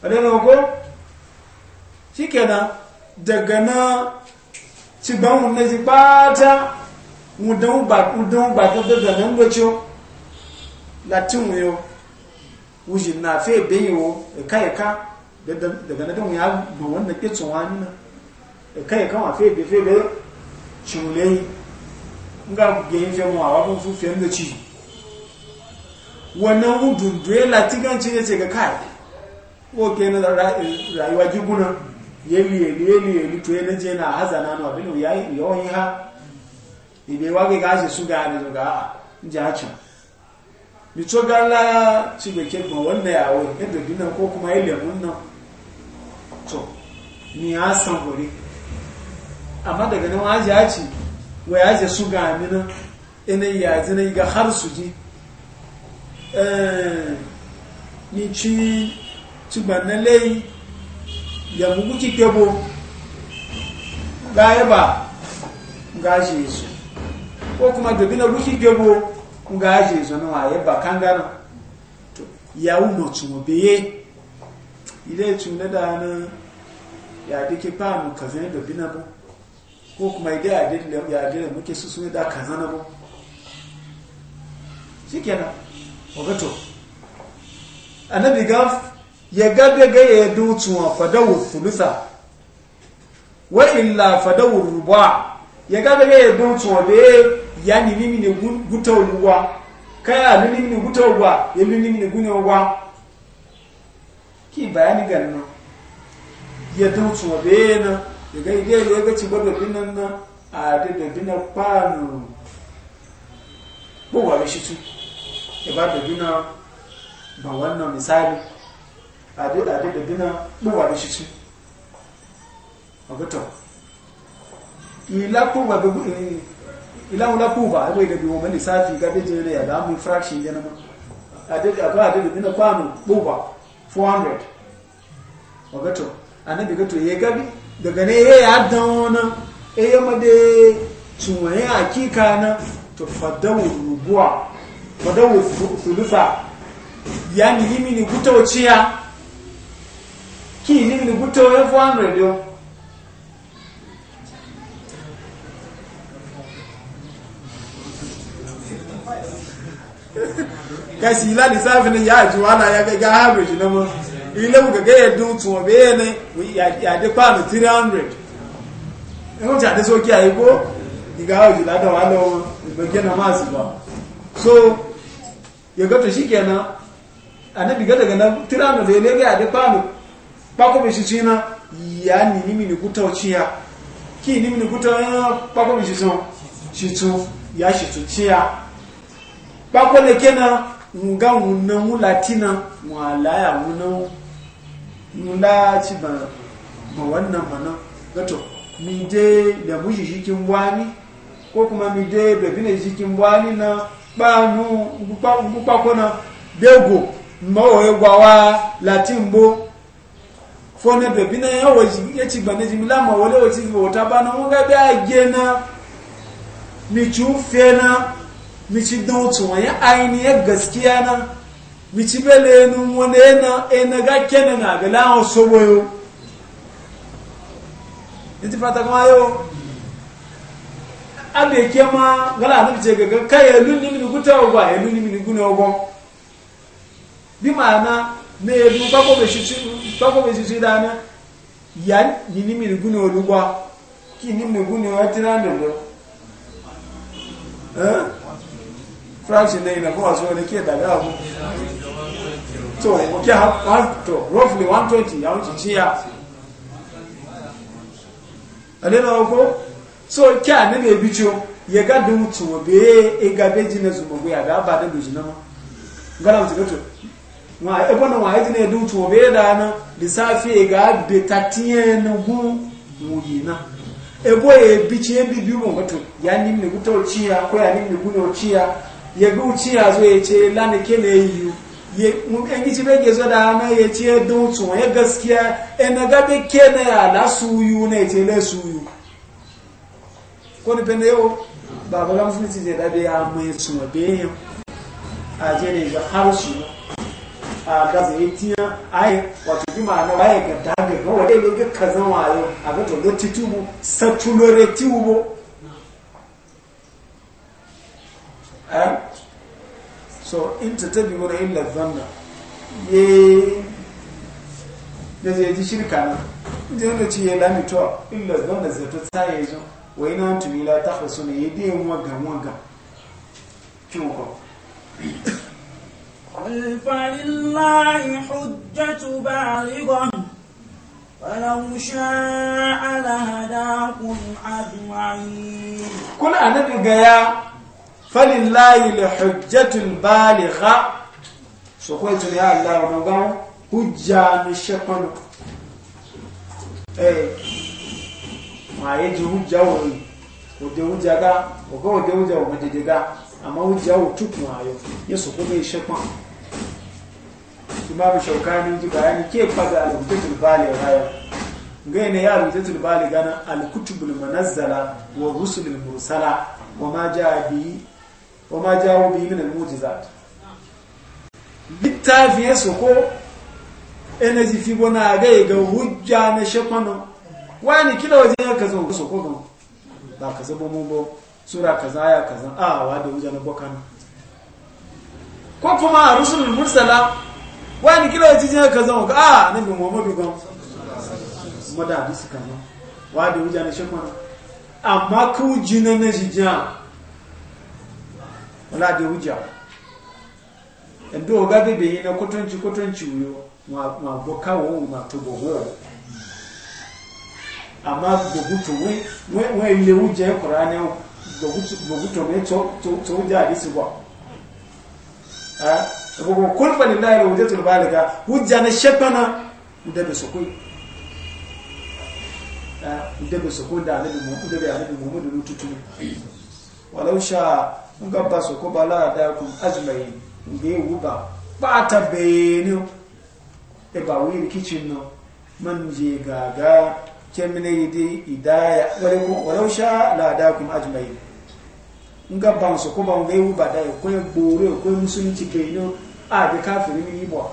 adena ko shikenan daga na cibanmu na ji bata mudan ba ta daga latin wuyo wuji na fe yiwo ikaika daga na dan ya ba wannan kitson wani na ikaika wa fe be fe be cimulai nga genyi fe mu awa kun su fe mu ci wannan udundue latigan ci ne ce ga kai wo ke na rayuwa jiguna yeli yeli yeli yeli to yana je na hazana no abinu yayi yoyi ha ibe wage ga je suga ne ah, nje hacha mi to ci be ke ya wo e ko kuma yele munna to ni asan gore amma daga nan waje haci wa yaje su ne na ina ya na ga har su ji eh ni ci ci na lei ya mugu ki tebo gaya ba ga jesu ko kuma da bina ruki gebo ga jesu na waye ba kangana to ya uno tumo beye ile tunne da na ya dike pa mu kazan da bina bo ko kuma ide ya dike ya dike muke su da kazana bo shikenan ogato annabi gaf ya gadaga ya dutuwa fadawar sulusa fadawar ruba ya dutuwa da ya ni nimi ne gutawuwa kaya ni ne ya ki bayani ya dutuwa da ya na ya ga ide ya ga cibar da binan a da da binan shi tu ya ba da binan ba wannan misali ade da da gina ɗuwa da shi ce ci ọgọtọ ba a rai da biyu wani lissafi gabe jere ya da mu fraction yana ma ade da da gina kwano ɗuwa 400 a nan annabi gato ya gabi daga ne ya yi dan wani e ya made cinwaye a kika na to fadawo rubuwa fadawo sulusa yani yimi gutawa ciya kí ní ní gúté oyé fún àmì rẹ̀ o kẹsì ilá ní sáfì ní yáà jù wà láyá gẹ́gẹ́ mu jù náà mọ́ ilé mú gẹ́gẹ́ yẹ dùn tún ọ̀bẹ́ yẹ ní yàdé páànù 300 ẹ̀hún tí àdé sókè àyíkó ìgbà òjì ládọ̀ wà lọ́wọ́ ìgbẹ́gẹ́ náà máa sì lọ so yẹ̀gọ́ tó ṣí kẹ́ náà ànábìgẹ́ dẹ̀gẹ́ náà 300 lè lé gẹ́ àdé páànù kpakọ̀bẹ̀ ṣiṣẹ́ na yà ní ní mini kúta ọ̀chí ya kí ní mini kúta kpakọ̀bẹ̀ ṣiṣẹ́ ṣiṣẹ́ ya ṣiṣẹ́ ṣi ya kpakọ̀lẹ̀ kẹ́ na nga wunan wula tina wala ya wunan wula ci ba ma wannan mana gato mi dai da mushi shikin wani ko kuma mi dai da bine shikin wani na gbanu gbukpakọ na bego ma o egwawa latin gboo fone do bina ya waji ya ci gbane ji wale waji ki wata bana mun ga biya gena mi ci fena mi ci don ya aini ya gaskiya na mi ci bele nu wani na ena ga kene na ga la o so fata abe kema gala na ga kai ya lunni mi guta mi bi na ebu kako be shishi dana yan yini mi gune olugwa ki ni mi gune wa tina ndo eh fraction ne ina ko aso ne ke daga abu to ke ha to roughly 120 ya wuce ciya alena ko so ke ne be bicho ye ga dun tuwo be e ga be jina zuma go ya ga ba da dujina ma ngala wuce to wa ebona ne hajine du to da na lisafi e ga be tatien hu muyina ebo e bichi e bibi mo goto ya ni ne guto chia ko ya ni ne guno chia ye gu chia zo e che la ne kele yu ye mun en gichi be da na ye che du to e gaskiya e na ga be kene ya la su yu ne che le su yu ko ni pende yo baba ga ne ti da be ya mo e tsumo be yo a je ne ga harusu a gaza ya tiya ai wato bi ma'ana ba ga daga ga wade ne ga kazan wayo a ga to ga titubu satulore tiubo eh so in ta tabi wani illa zanna ye da zai ji shirka na je da ci ya lami to in zanna zai to tsaye zo wai na tumi la ta hasu ne ya dai mu ga mu ga kiwo قل فلله حجة بالغة ولو شاء لهداكم أجمعين كل أنا بقيا فلله الحجة البالغة سقوط يا الله ونقام حجة الشقن إيه ما يجي حجة وي ودي حجة وكو ودي حجة ومدي دي أما حجة وتوب معايو يسقوط الشقن imam shaukani ji bayani ke faga al-kutubul baligh haya gaina ya al-kutubul baligh gana al-kutubul munazzala wa rusulul mursala wa ma jaa bi wa ma jaa bi min al-mu'jizat fi soko energy fi bona ga ga hujja na shafano wani kila waje ka zo soko ga ba ka zama mun bo sura kaza ya kaza a ah, wa da hujja na bokan ko kuma rusulul mursala wani kila cijin ka zama ka a ah, nabi muhammadu gan mada hadisi kan wa da wuja na shekwa amma ku jina na jija wala da wuja ndo ga bebe yi na kotonci kotonci wuyo ma boka wo ma to gogo amma gogutu we we ile wuja qur'ani gogutu gogutu me to to to wuja hadisi ba eh sokoko kul fa lillahi alhujjatul baligha hujja na shekana da sokoi da be sokoi da annabi muhammad da annabi muhammad lututu walau sha nga soko bala da kun azmai nge wuba ba beni e ba wi kitchen no man je gaga kemne idi idaya walau sha la da azmai soko ba da musulunci no a ga kafiri ne yibo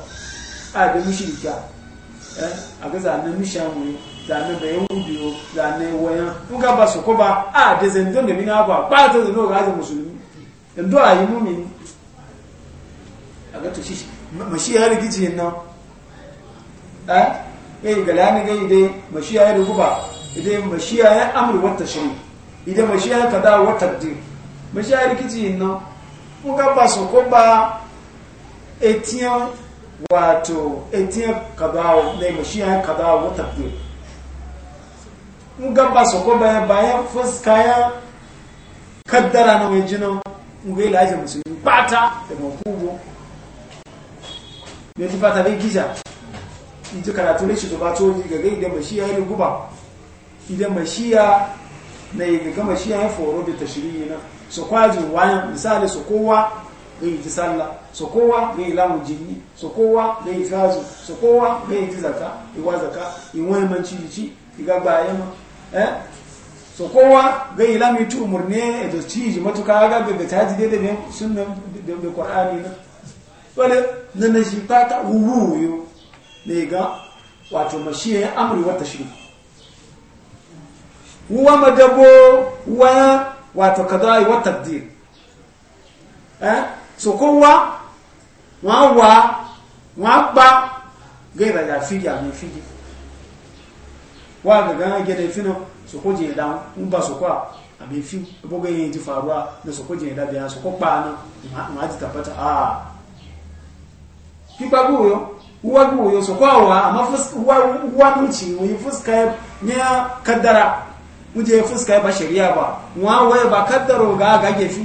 a ga mushrika eh a ga zanen mishamu zanen bayan ubiyo zanen wayan in ga ba su ko ba a da zandon da mina ba ba ta zano ga zan musulmi yanzu a yi mumini a ga to shi mashi ya rigici yin E, eh eh galani ga ide mashi ya riguba ide mashi ya amru wata shiri ide mashi ya kada wata dir mashi ya rigici yin nan in ga ba su ba etiyan wato etiyan kadawo na mashiyan kadawo wata biyu in gaba su ko bayan bayan fuska ya kaddara na wajinan ngai lajin musulmi bata da makubo ne ti fata dai kisa ita karatu ne shi to ba to ji ga idan mashiya ya guba idan mashiya na yi ga mashiya ya foro da tashiri na so kwaji wani misali su kowa bai ji sallah so kowa bai lamun jinni so kowa bai gazu so kowa bai ji zaka iwa zaka iwon manci ji iga gbaye ma eh so kowa bai lamun tu murne da ci ji matuka ga ga ta ji da ne sunnan da da qur'ani na wala na na shi ta ta wuru yo ne ga wato mashiyan amri wa tashri huwa madabo wa wato kadai wa taqdir eh sòkó wá wọ́n wá wọ́n gbá gẹ́gẹ́ da fídí àmì fídí wá gẹ̀gẹ́ gẹ́gẹ́ fínà sòkó jẹ́ ìdá ń bá sòkó àmì fí gbogbo yẹn ti faruwa na sòkó jẹ́ ìdá bẹ̀yà sòkó pa na wọ́n ti tabbata àà pípa gúrò uwa gúrò sòkó àwà àmá uwa nuci wọ́n fuska ya kaddara wuje fuska ya ba shari'a ba wọ́n ba kaddaro ga gage fi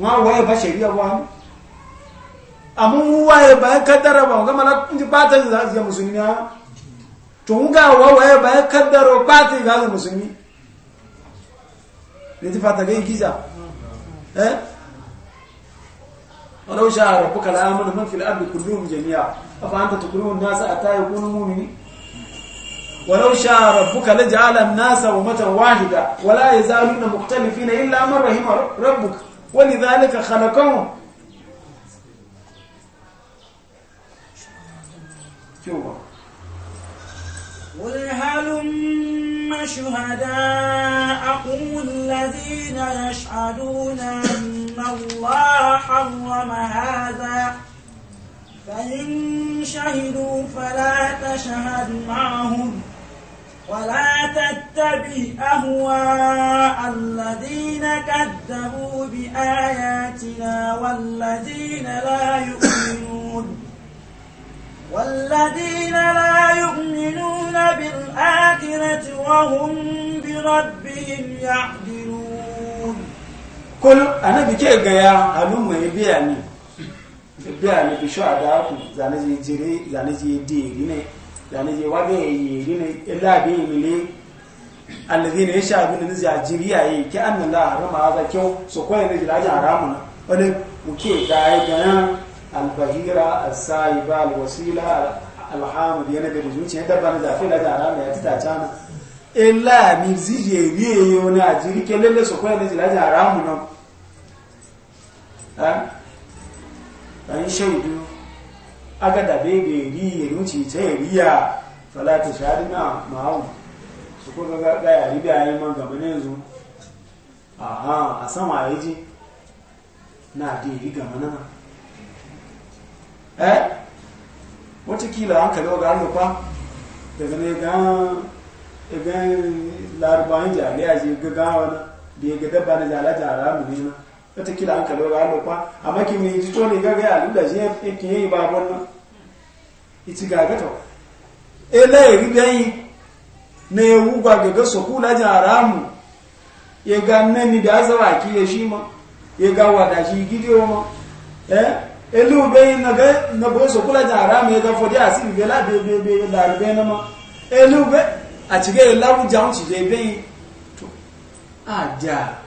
wọn waye bá shari'a wani amun waye bayan kaddara ba ga mala kunji bata za musulmi ha to ga bá bayan kaddara bata musulmi ne ti fata ga giza eh ولو شاء ربك لآمن من في الأرض كلهم ولو شاء ربك لجعل الناس أمة واحدة ولا يزالون مختلفين إلا من رحم ربك ولذلك خلقهم شوفوا قل هلم شهداءكم الذين يشهدون أن الله حرم هذا فإن شهدوا فلا تشهد معهم ولا تتبع أهواء الذين كذبوا بآياتنا والذين لا يؤمنون والذين لا يؤمنون بالآخرة وهم بربهم يعدلون كل أنا بكي أقيا ألوم يبيعني يبيعني بشهداء زانجي جري زانجي ديري zane je waga ya yi illa bi mile allazi sha na yi harama a za kyau so na jiragen haramun wani muke da ya gana albahira asaiba alwasila alhamdu yana da zuciya dabba na zafi na haramun ya ta cana illa mi zije yo na jiri ke lalle so na jiragen haramun nan shaidu aga da be ga ri ya nuci ta riya fala ta sharina ma'au su ko ga ga ya ribi ayi man gaba ne yanzu aha a sama ya ji na de ri gaba nan eh wata kila an kallo ga Allah fa daga ne ga ga larbayin jaliya ji ga gawa da ya ga ba na jala jara mu ne na watakila an kalora halo kwa amma ki mai jito ne gaga ya lula je ki yi babon nan iti gaga to ela yi gai na ya wuba gaga so kula jin haramu ya ga nan ni da azawa ki ya shi ma ya ga wada shi gidiyo ma eh elu bai na ga na bo so kula jin haramu ya ga fodi asiri bela be be be la be na ma elu be a cige lawu jaunci je bai to a ja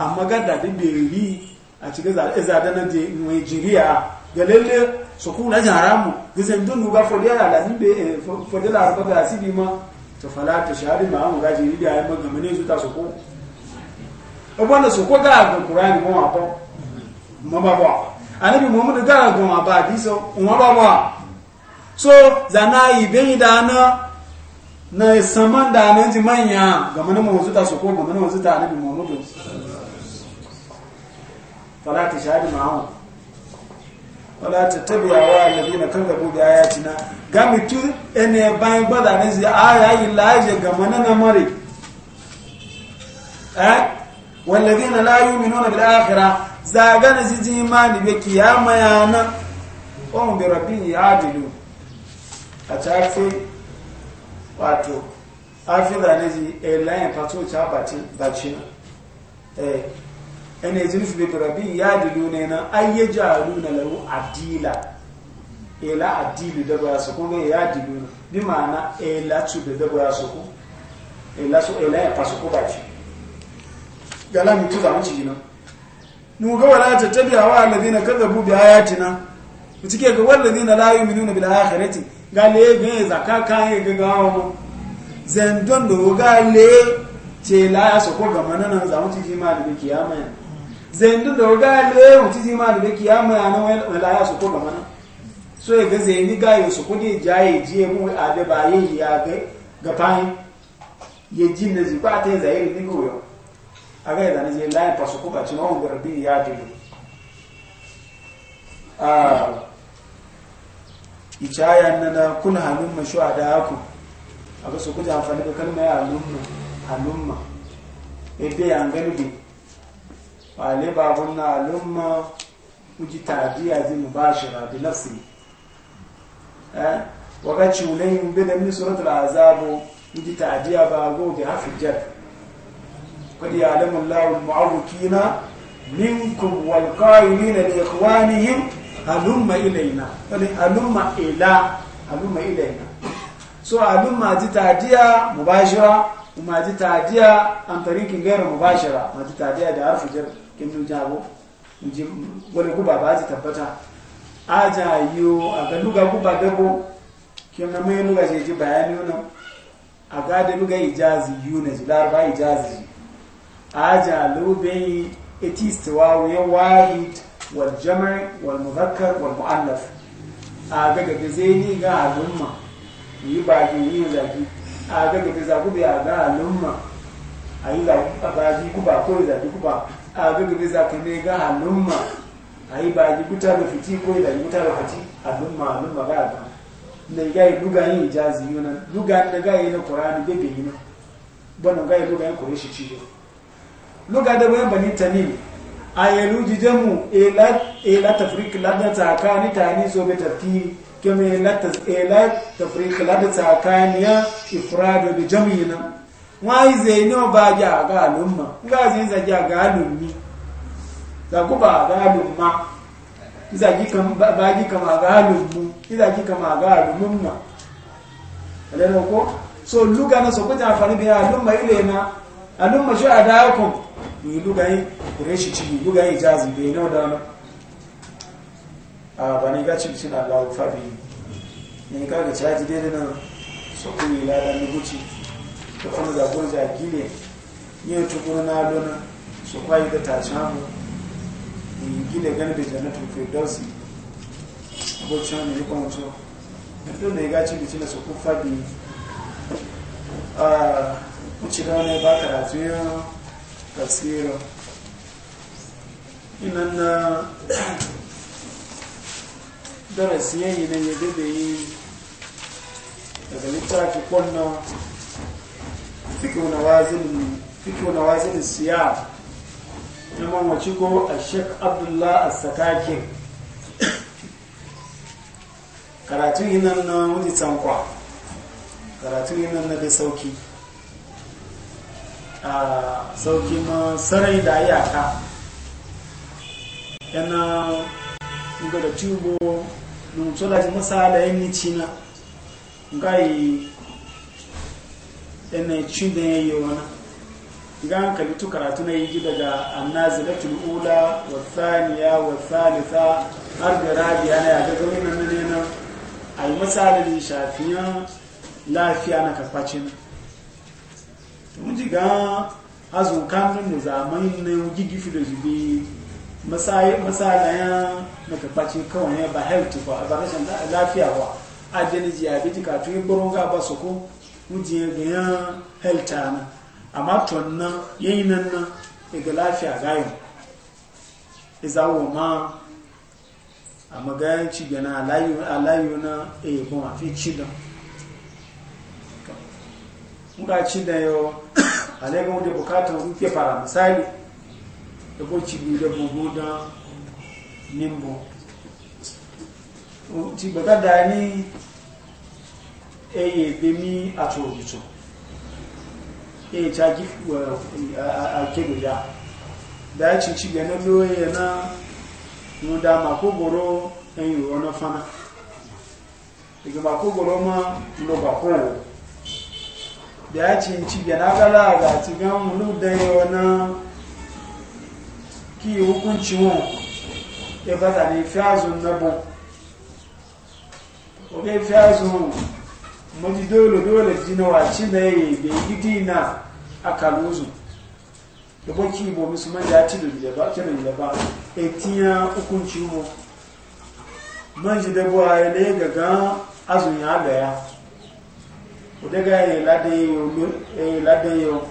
amma ga da din beri a cikin zada eh, na je Nigeria ga lalle su kula da haramu gizan dun ga fodiya da lazim be eh, fodiya da rubuta asibi ma to fala shari ma mu ga jiri da ma gamane su ta su ko abanda su ko ga Qur'ani mu ma ba mu ba ba anabi Muhammad ga ga ma ba diso mu ba ba so zana ibe da na na saman da ne ji manya gamane mu su zuta su ko gamane mu su ta anabi Muhammad فلا تشاهد معهم ولا تتبع الذين كذبوا بآياتنا gami tu ene bayan bada ne zai aya yi laje ga mana na mare eh wallazina la yu'minuna bil akhirah zaga na jiji imani be kiyama yana on bi rabbi yadilu a tafi wato afi da ene jinsi bi rabi ya dilu ne na ayye jaru na lahu adila ila adilu da ba su kuma ya dilu bi ma'ana ila tu da da ba su ku ila su ila ya fasu ku ba ci gala mi tuza mu ci gina nu ga wala ta tabi'a wa alladhina kadzabu bi ayatina mutike ga walladhina la yu'minuna bil akhirati gale ga zakka kan ga gawo mu zendon do le ce la ya su ko ga manana za mu ci ma da kiyama yana zendu da ga le mutu zima ma da kiyama ya nan wala ya su ko ga mana so ya ga zeni ga ya su kudi jaye jiye mu a da ba ya ga ga fahin ya ji na ji ba ta zai ni go yo a ga ne je la pa su ko ka cinawa ga rabbi ya ji a icaya nan na kun halin mashuada ku a ga su kudi amfani da kalma ya halumma halumma ebe ya ngani bi wale babun na alumma muji tabiya zai mubashira bi nafsi eh wakati ulayin bi da min suratul azabu muji tabiya ba go da hafijat qad ya'lamu Allahu al-mu'awqina minkum wal qa'ilina li ikhwanihim halumma ilaina wani halumma ila halumma ilaina so halumma ji tabiya mubashira kuma ji tabiya an tariqin ghayr da ibnu jabo wani guba ba zai tabbata aja yiwo a ga luga guba gago kin na mai luga ji bayani wani a ga da luga ijazi yiwo na ji larba ijazi aja lobe etistiwa wa wari wal jamar, wal mudhakkar wal mu'allaf a ga ga zai ni ga alumma yi ba ji yi zaki a ga ga zaku bi a ga alumma ayi za ba ji guba ko zaki guba abin da zaki ka ne ga halumma a yi ba yi buta da fiti ko yi da yi buta da fiti halumma halumma ga ba na ga yi duga yin ijazi yi nan duga da ga yi na qur'ani bebe yi na bana ga yi duga yin shi ci luga da bayan bani a yi jijamu ila ila tafriq ladda tsakani tani so bai tafi kemai ila tafriq ladda tsakani ya ifradu yi na wọ́n ìzẹ̀ iná ọba ajá àgá ló mọ̀ nígbàtí ń zàjí àgá ló ní a àgá ló má ìzàjí kan so lúga náà sọ pẹ́tẹ̀ àǹfààní bí alúmọ̀ ilẹ̀ na alúmọ̀ ṣọ́ àdá ọkùn ní lúga yìí yi ṣìṣì ní lúga yìí jáàzì bí iná dáná àbánígá ṣìṣì náà láwọ́ fàbí ní ká na àti dédé náà sọ pé tafuna da gon jagile yin tukuna na lona su kwayi da tashamu in gile gani da jannatin firdausi abokan ne rikon wato don da ya gaci da cina su kufa bi a kuci da ne ba karatu yin tasirin inan na darasi yayi ne yadda da yi daga littafi kwanan fiqhu nawazil wazin siya na imam ko a shek abdullah as-sakaki karatu nan na wani tsankwa karatu nan na da sauki a sauki ma sarai da ka yana ga da tubo nun tsola ji masala yin ga yi. ina cin da yi wani idan ka tu karatu na yi daga tun ula wa thaniya wa har da rabiya na ya ga wannan ne na yi misalin shafiya lafiya na kafacin to mun ji ga azun kanun zamani zaman ne gigi fi da zubi misalin na kafacin kawai ba health ba ba rashin lafiya ba adini jiya bi ka tuyi buron ga ba su ko mujiya ga ya halta na amma tonna yayin nan na ga lafiya gayin izawo ma a magayan ci gana alayu na ebon eh, kuma fi da muka da yau alaikun wadda bukatar rufe fara misali da ko cibi da bugu da nimbo ci baka da ni eye bemi ato ojito e ta gi eh, a kego ya da ya e ga na loye na makogoro enyi wani fana Ege makogoro ma lo bakoro da ya e cinci ga na kala ga ti gan mu da na ki hukunci e wọn ya fata ne fiyazun na bon oge fiyazun maji dole dole jina wace da yi bai gidi na a kaluzu da baki bo musulman da ya ci da ba ke da ba e tiya hukunci mu maji da buwa ya ne gaga azun ya da ya o daga ya lade yo ya lade yo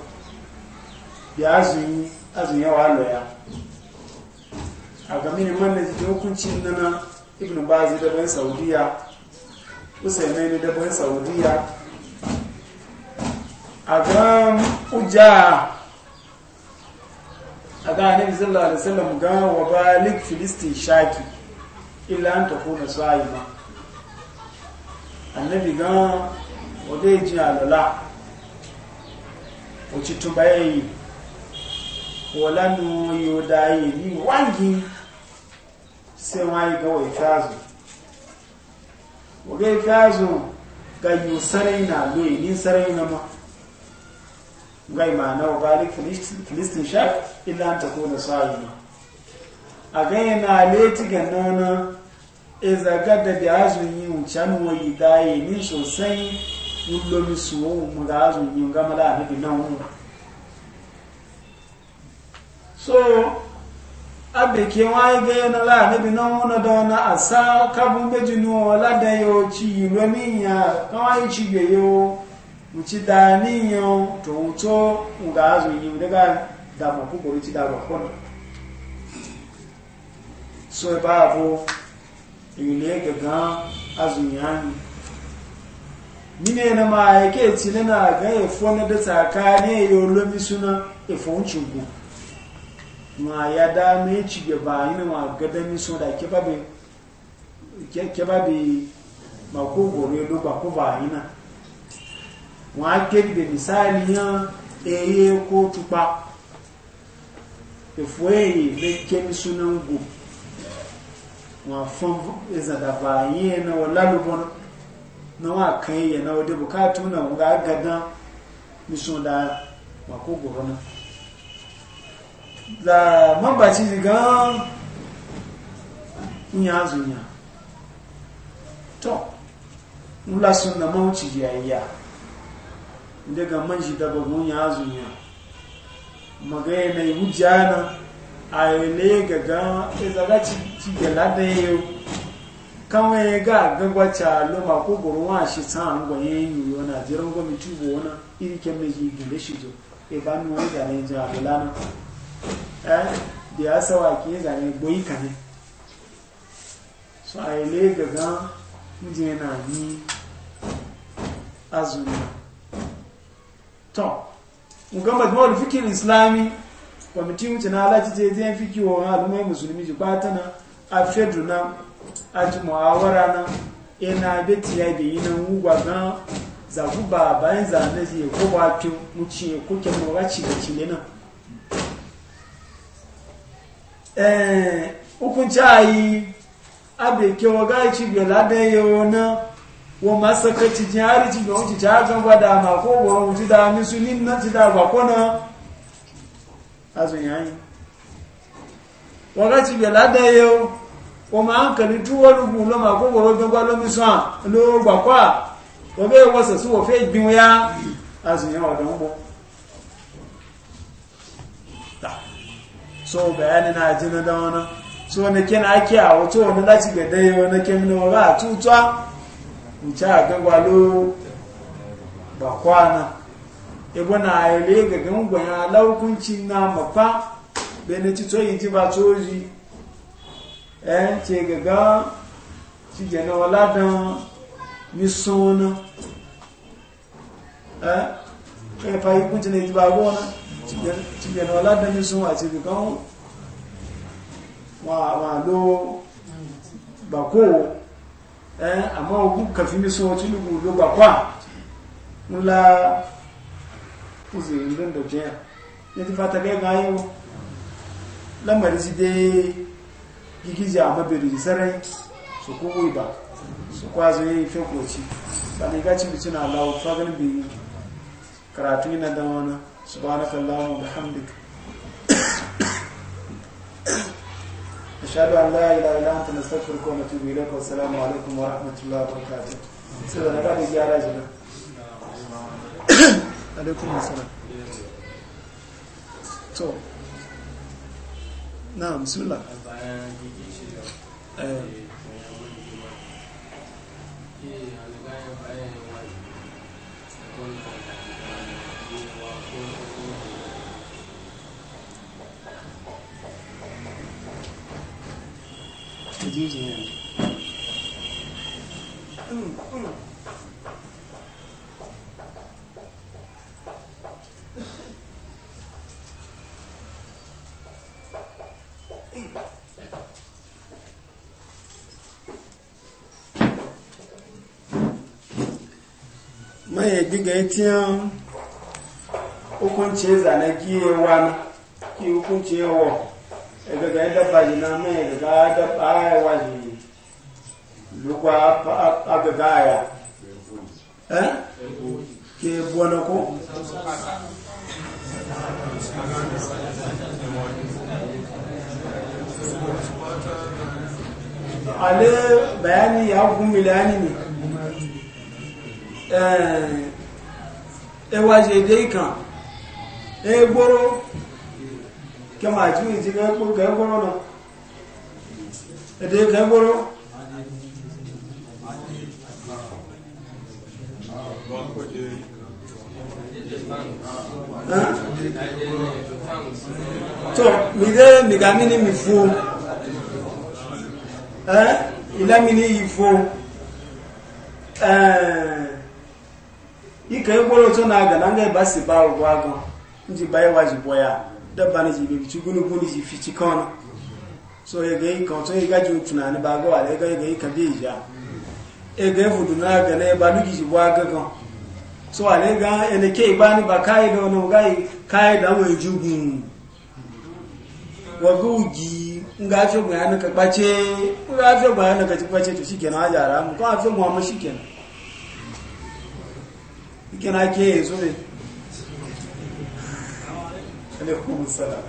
ya azun azun ya wa lo ya a ga mini man da hukuncin nana ibnu bazi da ban saudiya usaimeni dabon saudiya a gan uja a ga sallallahu alaihi wasallam ga wa balik filistin shaki illa an takuna sa'ima annabi ga wa dai ji alala o ci wala nu yodaye ni wangi sai wani ga wa itazu oge kazo ga yi sarai na loyi ni sarai na ma gai ma na ogali filistin shak ila an tako na sa'ayi ma a ganye na leti ga nana e zagar da da azun yi wucan wayi daye ni sosai su suwo mu ga azun yi gama da na nan so abeke wọn ga yana la nabi nan wuna da wani asa kabun beji nuwa chi yi ci ilo niya kawai yi ci gbe yau mu ci da niyan to wuto mu azu yi daga dama kuko ci so ba abu ile gaga azu yani mine na ma na ga suna ma ya da me ci ge ba ina ma gadan so da ke ba be ke ke ba be ma ko go re do ba ko ba ina wa ke be misali ya eye ko tupa e, e foi e be ke mi suna ngu ma fon e za da ba na wala lu bon na wa kai kan na wade bukatu na ga gadan mi so da ma ko go na za mabaci ziga nya zunya to mula sunna mauci yayya daga man shi daba nya zunya magaya mai hujjana a gagan gaga zaga ci gala kan yau kawai ga gagwacha loma ko gurwa shi san gwaye yi yana jiran gwamnati tubo wani irikin mai gida shi jo e ba nuna da ne jami'a Eh, da ya sawa ke zane boyi ka ne so a ile gaga muje na ni azumi to nga majmuwar fikir islami kwamitin wuce na alaji je zai fiki wa al'ummai musulmi ji bata na a na a ji na ina e beti ya bi yinan wugwa gan zaguba bayan zane zai ko ba fi mu ce ko kyan mu ga ci ga cile nan eh hukunci ayi abe waga ichi be lade yona wo masaka ci jari ci go ci ja ga gwada ma ko go ci da mi su nin na ci da ba kona waga ci be lade yo wo ma an kali tu wo lugu lo ma lo mi so an lo gwa kwa wo be wo ya azu yayi so bayani na jina da wani so na kena ake a wato wani lati ga dai wani kemina wani a tutuwa wuce a gagwalo ba kwana ebo na ile ga gangon ya laukunci na mafa bene ci to yiti ba toji eh ce gaga ci gena wala dan mi sona eh e pa e yi kunci ne ji ba gona tìgbẹ̀nà aládẹ́jú sún àti ibìkan wà ló gbàkó àmọ́ ogún kàfíní sún ọtí lùgbù ló gbàkó ńlá òsèrè lọ́ndọ̀ jẹ́ ní ti fàtàkẹ́ gan yíò lamari ti dé gígíjì àmọ́bẹ̀rẹ̀ ìsẹ́rẹ́ sọkówó ìbà sọkọ́ ne na bi karatu na da wani سبحانك اللهم وبحمدك أشهد أن لا إله إلا أنت نستغفرك ونتوب إليك والسلام عليكم ورحمة الله وبركاته سيدنا نبعد يا رجل عليكم السلام تو نعم بسم الله Yeah, آه. maye diga etiyan hukunci zanaki wani ki hukunci yawa ẹgbẹ̀gbẹ̀ ẹ̀dọ́gba yìí náà mẹ́ ẹ̀gbẹ̀gbẹ̀ ẹ̀dọ́gba ẹ̀wà yìí lùkọ́ agbẹ̀gbẹ̀ ale bayani ya gun milani ne ẹ̀ẹ́n ẹwà jẹ́ dé kan kí wọn àti wọn ti gẹ́gbọ́rọ̀ náà èdè gẹ́gbọ́rọ̀ tó mìíràn mìíràn mi ní mi fò ìlẹ́mi ní ìfò ike gbọ́rọ̀ tó na-aga na nga ìbá ba bá ọgbọ́ agọ́ ndị bá ya dabba na jibe bici so ya gai kan ya gaji tunani ba ga wale gai gai ka bi ja e ga fudu na ga ba nuki ji wa ga so wale ga ene ke ba ni ba kai ga wono gai kai da mu jugun wa nga fi mu yana ka bace nga fi mu yana ka bace to shikenan ajara mu ko afi mu amma ke ne ne kuma musala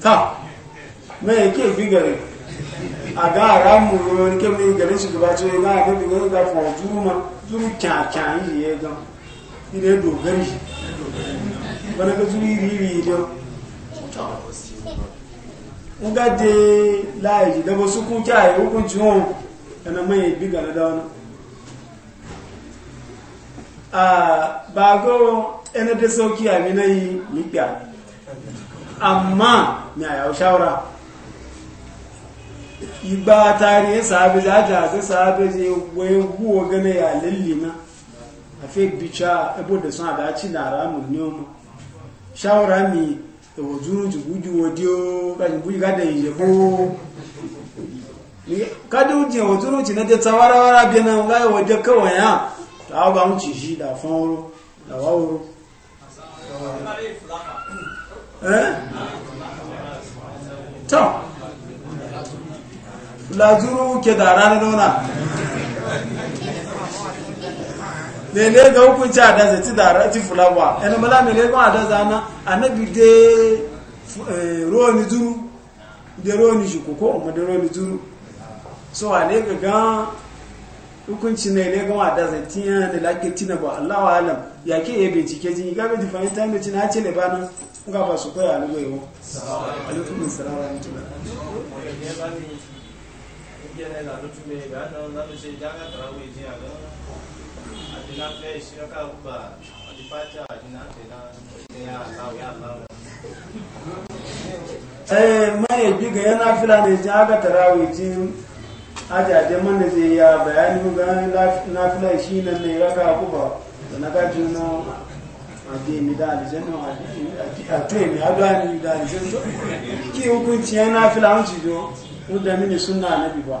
ta mai ke fi a ga mu ruwan ke mai garin shi gaba ce na ga bin ga fa juma yi ya ga ina dogari wani ga mun ga de layi da wasu kun kyaye hukuncin hau da na mai biga na dauna a ba go ina da sauki a mina yi mikya amma na yau shawara igba tarihin sahabi za ta ta sahabi je ya a da suna da shawara mi tòwòtúrú tùgbújú wòdí ó gbájúgbújú gádẹ ìyẹ̀kó kádùn jẹ òtúrú tì náà tẹta wáráwárá bí ẹnà láyé wọjọ kẹwàá yá tàwọn bá ń tì sí ìdà fún oró làwá mele ga hukunci a daza ti da rati fulawa yana mala mele ga a daza na annabi de eh, roni duru de roni shi ko o de roni duru so a ne ga ga hukunci ne ne ga a daza ti yana da lake tina ba Allah wa alam ya ke ya bincike ji ga bi fahimta ne yi na ce ne ba nan ga ba su koya ni goyo alaikum wa yana da shi ga eh mai biga yana fila ne ji haka tarawijin ajaje mana zai ya bayani ga na fila shi nan ne raka kuba da na gajin na adini da alijanna a tuye mai adani da alijanna ki hukunci yana fila hanci jo wadda mini suna na biba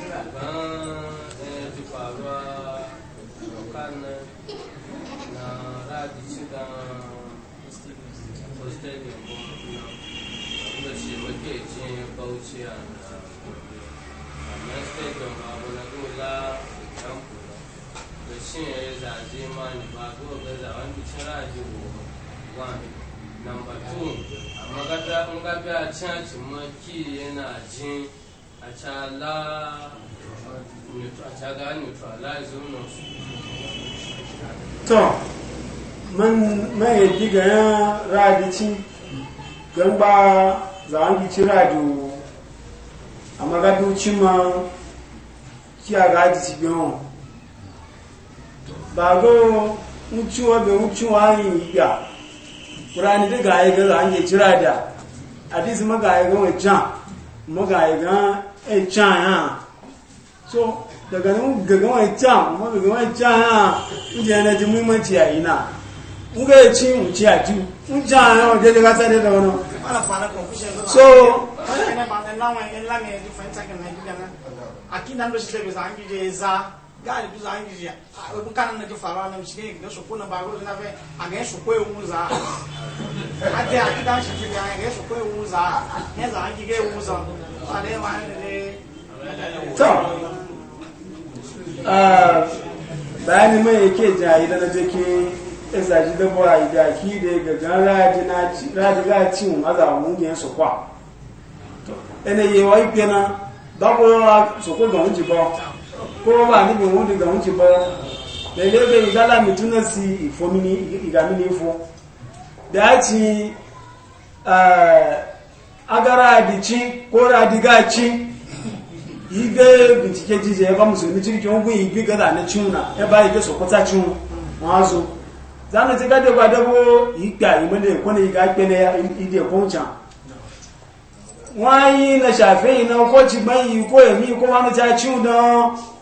cinye ni ba gobe za wani cira ji wani number two amma gada ga gabi a caci maki yana jin a cala a caga neutralize nurse to man mai diga ya radici gan ba za a gici radio amma gado cima kiya ci biyan bago mutuwa bai mutuwa yi ya ƙurani da ga aiga za a yi jira da hadisi maga aiga wa can maga aiga e can ya so daga nan gaga wani can maga gaga can ya inda e na ji muhimmanci a ina in ga ya ci mu ci a ju in can ya wajen da gasa da wani so akina ndo shi da bai za a za Gari bi za yi ziya o bi kana na ti faara na misi ne soko na ah, baaro na fɛ a ŋa soko ye ŋun zaa a tɛ a ti taa si fili a ŋa soko ye ŋun zaa ne zaa yi ke ŋun zaa a ne ma ne de. bayani mai yake jayi da na jake ezaji da bora da ki da gagan raji na ci raji ga ci mu maza mu ne su kwa ene yewa ipena da ko so ko ga mu ji ba ko ba ni bi won diga won ti ba le le be igala mi tuna si ifo ti uh, agara di chi ko jije e ba musulmi ti ki won gun igbe gada ni chuna e ba igbe so kota chun won azu zanu ti gade wọ́n yí na ṣàfihàn náà ti gbọ́n kó èmi kó wọ́n ti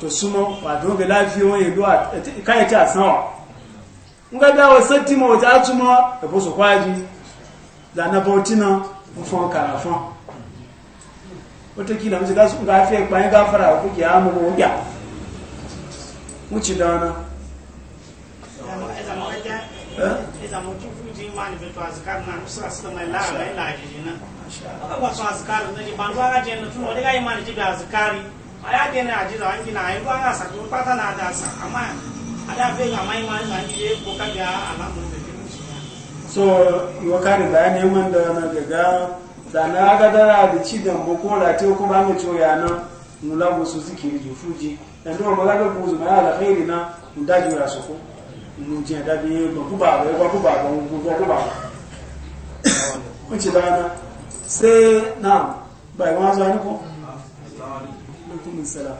tó súnmọ́ pàtó bẹ láti mo èlò káyẹ̀tì àsán ọ̀ ń gẹ́gẹ́ àwọn sẹ́tìmọ̀ òtí átúmọ̀ ẹ̀bùsùnkọ́ ajé lànàbọ̀ òtí náà ń fọn kàrà fọn watakila mace gasu ga fiye bayan gafara ku ki amu ko ya wuce da wana Masha Allah. aya ke na ajiza na ayi bwana asatọ pata na da asa ama ada fe ga mai ma na ji ko ka ala alamu da bayani da na daga na aga da ci da ko ba mu to ya na nula mu su zikiri ju fuji ga zu ala khairi na da ju ra su ko mu je da bi ba ku ba ba ku ba na alaikum salam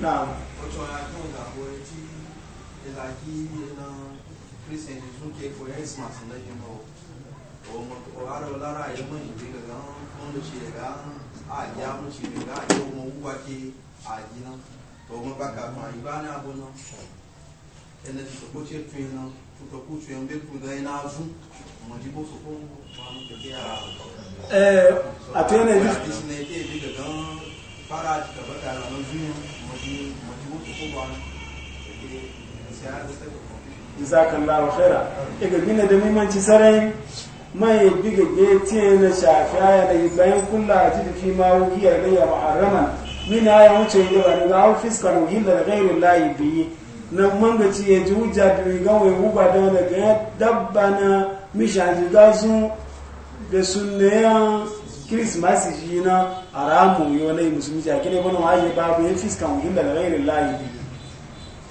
na'am wato ya kan da goyi da laki na christian da suke koyar isma sanan yin ba o ara lara ya mun yi daga kan da shi daga a ya mun shi daga a yau mun uwa ke a gina to mun ba ka ma ibana abuna ene to ko ku a to yana yi zakan laro khaira ga gina da mimanci sarai mai biga gete na shafiya da bayan kulla ji da fi ma wugiyar da ya muharraman mina ya wuce yi da ga au fiskar wuhilla da gairu layi biyi nan mangaci ya ji hujja da rigan wai huba da dabba na mishaji gazu da sunnayen kirismasi ji na haramu yau na yi musulmi ji a kele wani waje babu yin fiskan wujin daga rairin layi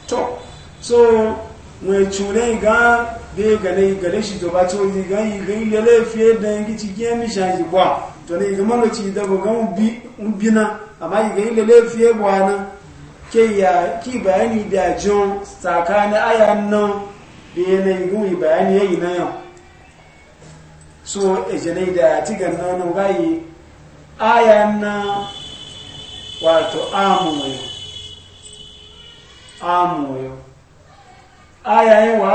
to so mai cune ga bai gane shi to ba to yi ga yi ga yi lele fiye da yanki cikin mishaji to ne ga malaci da ga bina amma yi ga yi lele fiye ba na ke ya ki bayani da jon tsakanin ayan nan da yanayi gumi bayani yayi na yau so ejenai da ya ci ganna nan gayi ayan na wato amoyo amoyo wa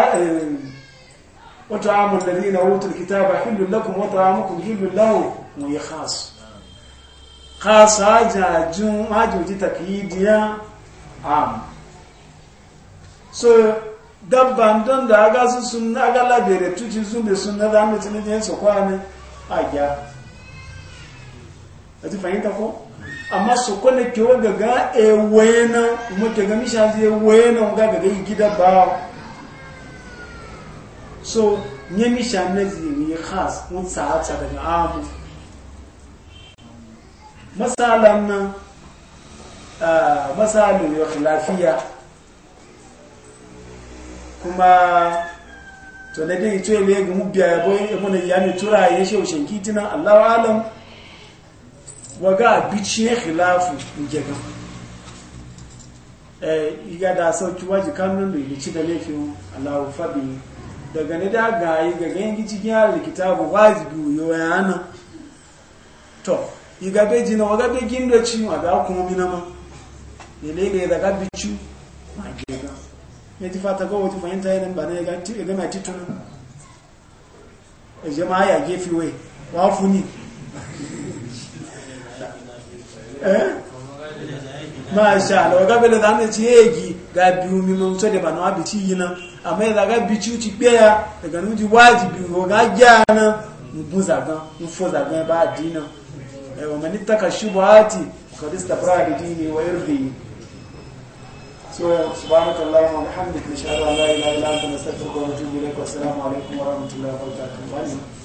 wata amun da nina wutar kitaba hillun lakum wata amukun hillun lahu mu yi khasu khasu hajjajin hajjoji tafiye diya am so dabban don da aga su sun aga labere tuci sun da sun na zamu tsini su kwana a gya ti fahimta ko amma su kwana kewa ga ga e wayena mu ke ga misha je wayena ga gaga gida ba so nye misha na zi ni khas mun sa'ata daga amu masalan nan masalin yau lafiya kuma to da dai to ile ga mubiya ya boye ya mona ya tura ya shehu shanki tina Allahu alam wa ga bici khilafu nge ga eh iga da sauki waji kanun da bici da laifin Allahu fabi daga ne da ga yi ga gangi cikin al kitabu yi yo yana to iga be jina wa ga be gindo ci Waga ga kuma minama ile ga da ga bici ma ya ti fata ga wata fahimta yanin ba na ya gama titunan jama'a ya gefe wai wafu ne eh? masha Allah ga bele zane ci yegi ga biyu mi mun so de ba no abici yina amma ya ga bici ci gbeya daga nuji wajibi go ga jana mubuza ga mufoza ga ba dina e eh, wa man ittaka shubuhati qad istabra bi dini wa irdi so subhanakallahu wa bihamdika ashhadu an la ilaha illa anta astaghfiruka wa atubu ilaik wa assalamu alaikum wa rahmatullahi wa barakatuh